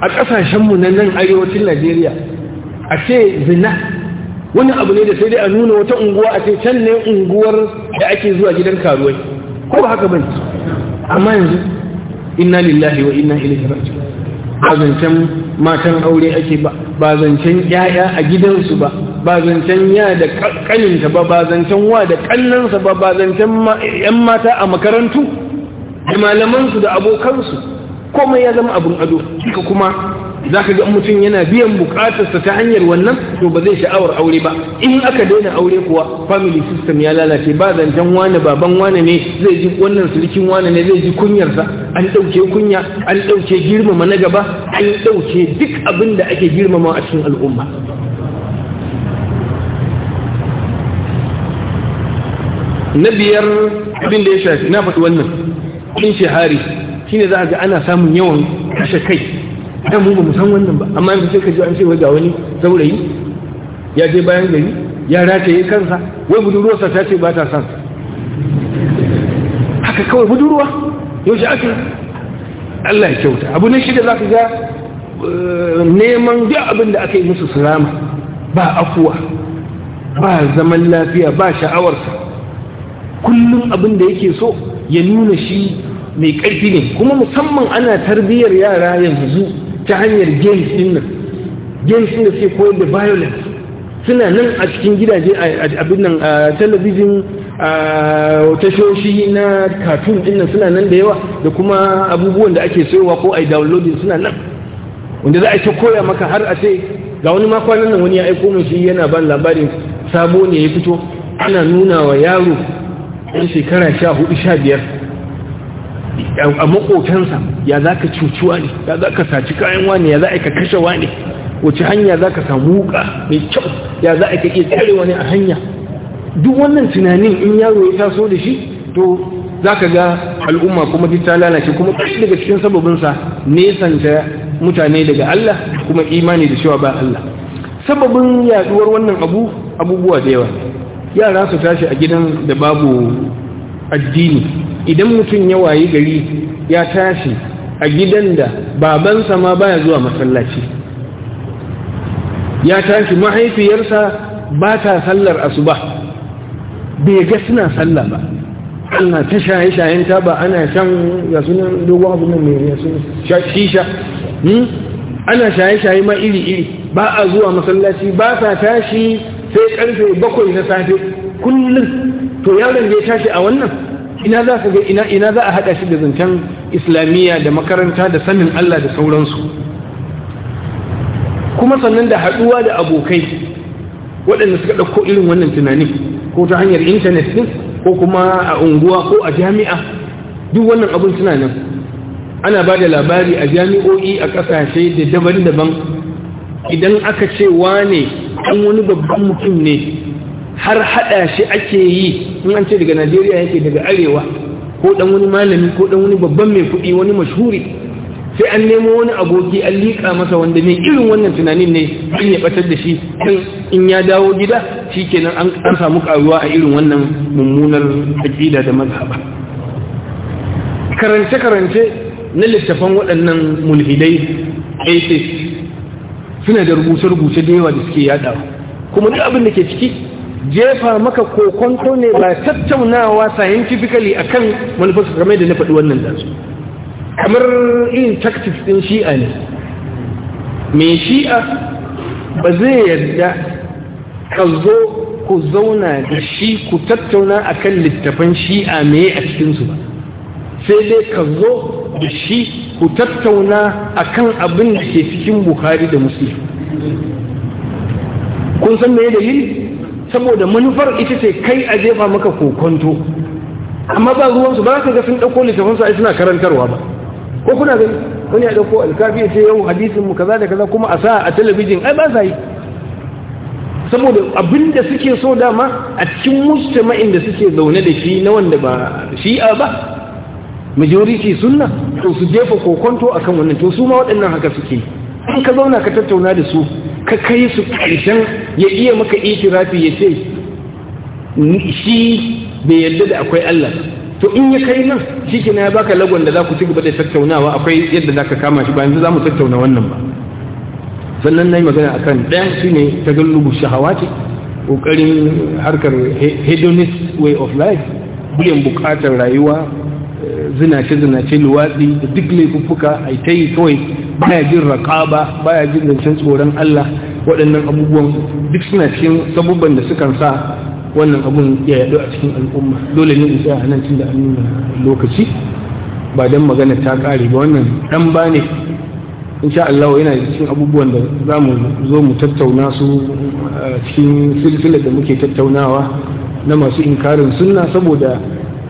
a ƙasashenmu na nan arewacin najeriya a ce zina wani abu ne da sai dai a nuna wata unguwa a ce can ne unguwar da ake zuwa gidan karuwai ko ba haka bane amma yanzu inna lillahi wa inna ilaihi raji'un ba zancen matan aure ake ba ba zancen yaya a gidansu ba ba zancen ya da kaninta ba ba zancen wa da kannansa ba ba zancen yan mata a makarantu da malamansu da abokansu komai ya zama abin ado duka kuma za ka ga mutum yana biyan bukatarsa ta hanyar wannan to ba zai sha'awar aure ba in aka daina aure kuwa family system ya lalace ba zancen wane baban wane ne zai ji wannan sulkin wane ne zai ji kunyarsa an ɗauke kunya an ɗauke girmama na gaba an ɗauke duk abin da ake girmama a cikin al'umma na biyar abin da ya shafi na faɗi wannan in shahari shine za ga ana samun yawan kashe kai dan mu ba mu san wannan ba amma yanzu sai ka ji an ce ga wani saurayi ya je bayan gari ya rataye kansa wai budurwarsa ta ce ba ta san haka kawai budurwa yaushe ake Allah ya kyauta abu ne shida za ka ga eh, neman duk abin da aka yi musu salama ba afuwa ba zaman lafiya ba sha'awarsa kullum abin da yake so ya nuna shi mai ƙarfi ne kuma musamman ana tarbiyyar yara yanzu ta hanyar games din nan games din da suke koyar da violence suna nan a cikin gidaje abin nan a talabijin a tashoshi na cartoon din nan suna nan da yawa da kuma abubuwan da ake soyawa ko ai downloading suna nan wanda za a ce koya maka har a ce ga wani ma nan wani ya aiko mun shi yana ban labarin sabo ne ya fito ana nuna wa yaro ɗan shekara sha hudu sha biyar a makotansa ya za ka cuciwa ne ya za ka saci kayan wani ya za ka kashe wani wace hanya za ka samu wuka mai kyau ya za ka iya tsare wani a hanya duk wannan tunanin in yaro ya taso da shi to za ka ga al'umma kuma ta lalace kuma kai daga cikin sababinsa nesanta mutane daga Allah kuma imani da cewa ba Allah sababin yaduwar wannan abu abubuwa da yawa yara su tashi a gidan da babu addini idan mutum ya wayi gari ya tashi a gidan da babansa ma baya zuwa masallaci ya tashi mahaifiyarsa ba ta sallar asuba bai ga suna sallah ba ana ta shaye-shayen ta ba ana shan yasunan dogon abu nan mai yasunan shisha hmm? ana shaye-shaye ma iri-iri ba a zuwa masallaci ba ta tashi sai karfe bakwai na safe kullum to yaron da ya tashi a wannan ina za ka ga ina ina za a haɗa shi da zancen islamiyya da makaranta da sanin Allah da sauransu kuma sannan da haɗuwa da abokai waɗanda suka ɗauko irin wannan tunani ko ta hanyar intanet ɗin ko kuma a unguwa ko a jami'a duk wannan abun suna nan ana ba da labari a jami'o'i a ƙasashe da daban-daban idan aka ce wane dan wani babban mutum ne har haɗa shi ake yi in an ce daga najeriya yake daga arewa ko dan wani malami ko dan wani babban mai kuɗi wani mashhuri sai an nemo wani aboki an liƙa masa wanda ne irin wannan tunanin ne in ya batar da shi in ya dawo gida shi kenan an samu karuwa a irin wannan mummunar aƙida da mazhaba karance-karance na littafan waɗannan mulhidai atheist suna da rubuce-rubuce da yawa da suke yada kuma duk abin da ke ciki jefa maka kokon ne ba tattaunawa scientifically akan manufarsu game da na faɗi wannan da su kamar irin tactics ɗin shi'a ne mai shi'a ba zai yarda ka zo ku zauna da shi ku tattauna a kan littafan shi'a mai a cikinsu ba sai dai ka zo da shi ku tattauna a kan abin da ke cikin bukari da muslim kun san me dalili saboda manufar ita ce kai a jefa maka kokonto amma ba ruwansu ba ka ga sun ɗauko littafansu ai suna karantarwa ba ko kuna gani wani ya ɗauko alkafi ya ce yau hadisin mu kaza da kaza kuma a sa a talabijin ai ba sa yi saboda abin da suke so dama a cikin mujtama'in da suke zaune da shi na wanda ba shi'a ba majority sunna to su jefa kokonto akan wannan to su ma waɗannan haka suke in ka zauna ka tattauna da su ka kai su ƙarshen ya iya maka itirafi ya ce shi bai yarda da akwai Allah to in ya kai nan shi ya baka lagon da za ku ci gaba da tattaunawa akwai yadda za ka kama shi bayan yanzu za mu tattauna wannan ba sannan na yi magana a kan ɗaya shi ne ta gallubu shahawati ƙoƙarin harkar hedonist way of life biyan buƙatar rayuwa zinace-zinace luwaɗi da duk laifuffuka a ta yi kawai baya jin raƙaba baya jin zancen tsoron Allah waɗannan abubuwan duk suna cikin sabubban da sukan sa wannan abun ya yaɗu a cikin al'umma dole ne in tsaya nan da an nuna lokaci ba don magana ta ƙare ba wannan ɗan ba ne sha Allah yana cikin abubuwan da za mu zo mu tattauna su cikin silsilar da muke tattaunawa na masu inkarin sunna saboda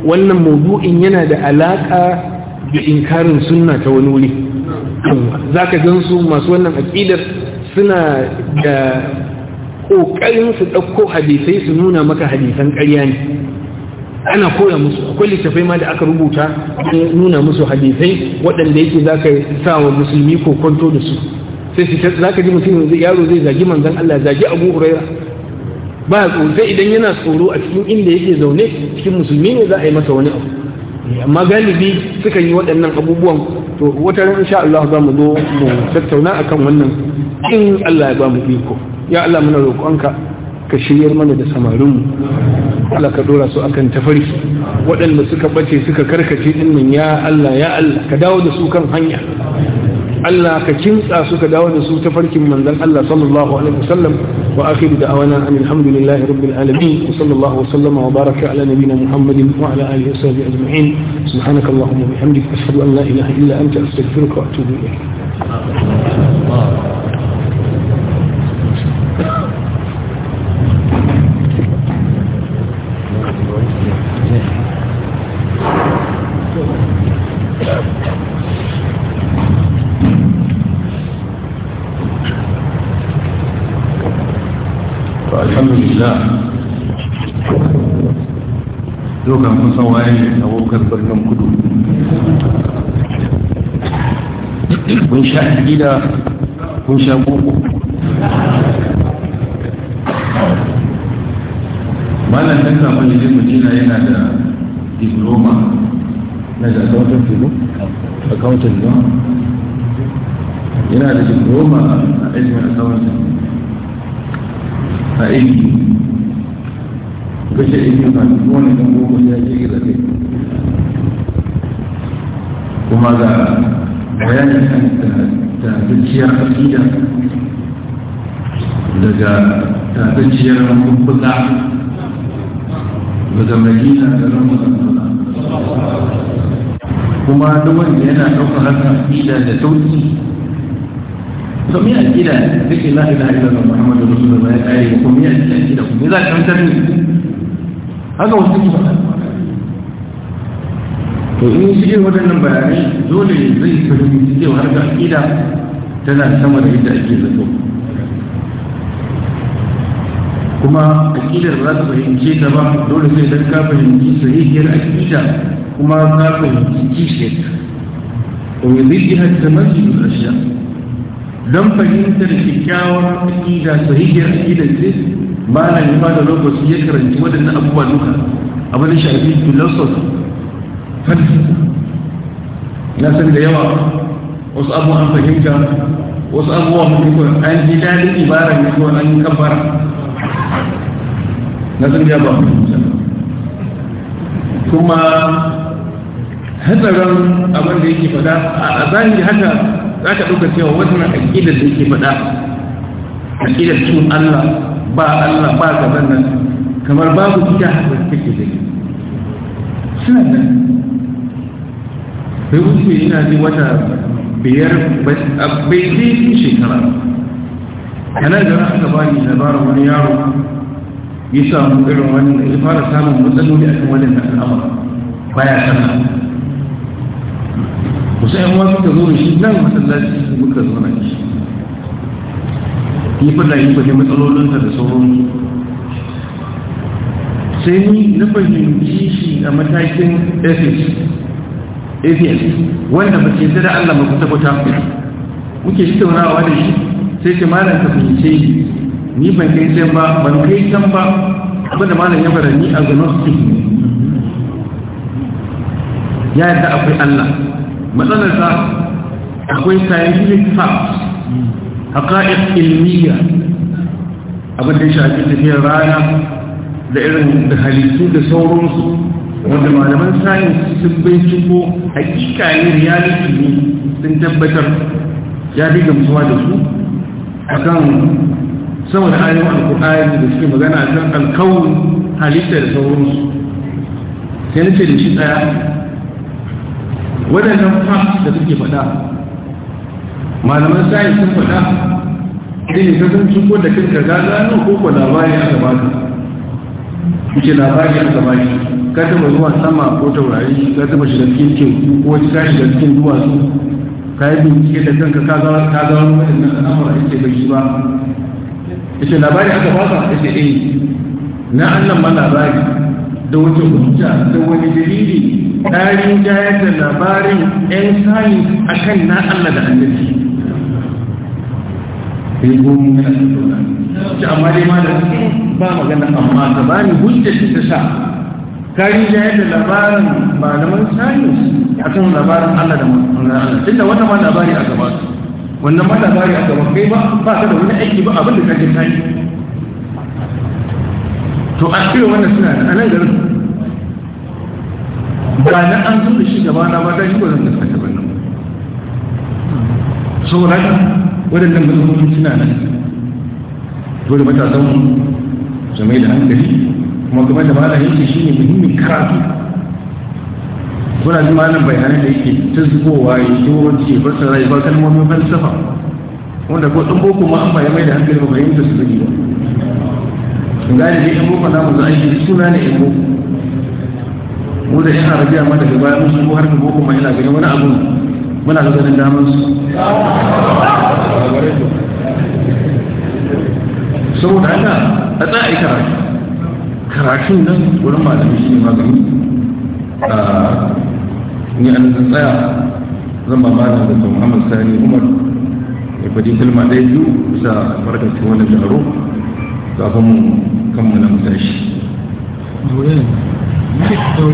wannan mawdu'in yana da alaka da inkarin sunna ta wani wuri zaka gansu masu wannan aqidar suna da kokarin su dauko hadisai su nuna maka hadisan ƙarya ne ana koya musu akwai littafai ma da aka rubuta nuna musu hadisai waɗanda yake ka sa wa musulmi ko kwanto da su sai za ka ji mutum yaro zai zagi manzan Allah zagi abu huraira ba tsoro sai idan yana tsoro a cikin inda yake zaune cikin musulmi ne za a yi masa wani abu amma galibi suka yi waɗannan abubuwan to wata ran insha Allah za mu zo mu tattauna akan wannan in Allah ya ba mu iko ya Allah muna roƙonka ka shiryar mana da samarinmu Allah ka dora su akan tafari waɗanda suka bace suka karkace din nan ya Allah ya Allah ka dawo da su kan hanya Allah ka kintsa su ka dawo da su ta farkin manzon Allah sallallahu alaihi wasallam wa akhiru da'awana alhamdulillahi rabbil alamin wa sallallahu wa sallama wa baraka ala nabiyyina Muhammadin wa ala alihi wa sahbihi ajma'in subhanaka allahumma wa bihamdika ashhadu an la ilaha illa anta astaghfiruka wa atubu ilayk yau kun san waye ne abokar birnin kudu kun sha gida kun sha koko malam dan samun yanzu mutum yana da diploma na da accountant filo accountant ba yana da diploma a ilimin accountant a ilimi kashe ido na duk wani ɗan goma ya ce gida ne kuma ga bayanin kan tabbaciyar aƙida daga tabbaciyar kukkula daga da ramunan kuma duk wanda yana ɗaukar haka aƙida da sauƙi ثم يأتي إلى ذكر الله لا إله إلا الله محمد رسول الله آله وكم يأتي me. هذا هو السؤال وفي سجل هذا النبياني ذول الزي فهمتك وهرجع إلى تلا سمر إلى أجل الثوم كما أكيد الرد فهم شيء تبا ذول الزي ذلك فهم شيء صحيح يرى أكيد كما ذلك فهم شيء شيء ويضي جهة تمزي الأشياء لم فهمت الشكاوة أكيد صحيح يرى أكيد malam ya da lokaci ya karanci waɗannan abubuwa duka abin da shafi philosophy falsafa na san da yawa wasu abubuwa an fahimta wasu abubuwa mutum kawai an ji daɗin ibara ne kawai an yi kafara na san da yawa fahimta kuma hatsarin abin da yake faɗa a zahiri haka za ka ɗauka cewa wannan aƙidar da yake faɗa aƙidar cin Allah ba Allah ba gaban nan kamar babu gida haka take da suna nan bai wuce yana ji wata biyar bai zai shekara kanar da aka ba ni labarin wani yaro ya samu irin wani ya fara samun matsaloli a kan wannan al'amura baya sana kusa yan wasu ka zo da shi nan masallaci muka zo na shi yi fulayi ku matsalolin matsalolinsa da sauran sai ni na fahimci shi a matakin atheist wanda ba ce da Allah ba kwata-kwata muke shi taunawa da shi sai ce malam fahimci, fahimce ni ban kai can ba ban kai can ba abinda malam ya fara ni a agnostic ya yadda akwai Allah matsalarsa akwai scientific facts haƙa'iƙ ilmiya abin da ya shafi tafiyar rana da irin da halittu da sauransu wanda malaman sayin sun binciko hakika ne reality ne sun tabbatar ya fi gamsuwa da su akan sama da ayyukan alkur'ani da suke magana akan alkawun halitta da sauransu sai nace da shi tsaya waɗannan fa da suke faɗa malaman sai sun faɗa idan ka san cin da kanka ga gano ko ko labari aka baka kuke labari aka baki ka taba zuwa sama ko taurari ka taba shiga cikin teku ko ka da cikin duwatsu ka yi bincike da kanka ka ga ka ga wannan al'amura yake bai shi ba yace labari aka baka yace eh na annan ma labari da wata hujja da wani dalili tarihin jayar da labarin 'yan sayin akan na Allah da annabi sai gomu yana tattauna ce amma dai ma da ba magana amma ta ba ni hujja shi ta sa kari da yadda labarin malaman sayus a kan labarin Allah da manzon Allah tunda wata ma labari a gaba wannan ma labari a gaba kai ba ba ka da wani aiki ba abin da kake kai to a cikin wannan suna da anan garin ba na an zo da shi gaba na ba da shi ba zan gaskata ba nan so waɗannan manufofin suna nan dole matasan mu su mai da hankali kuma kuma da malam yake shi ne muhimmin karatu kuna ji nan bayanan da yake ta zubowa ya yi wance fassara ya ba kalmomin falsafa wanda ko ɗan boko ma an mai da hankali ba da su zubi ba gane ne yan boko namu za aiki suna ne yan boko mu da yan arabiya ma daga bayan musu har da boko ma yana ganin wani abu muna da ganin damar su saboda haka a tsari karatu karatun nan wurin malami shi ne magani a ni an tsaya zan ba malam da sau muhammad sani umar ya faɗi kalma ɗaya biyu bisa barkar cikin wannan taro kafin mu kammala mu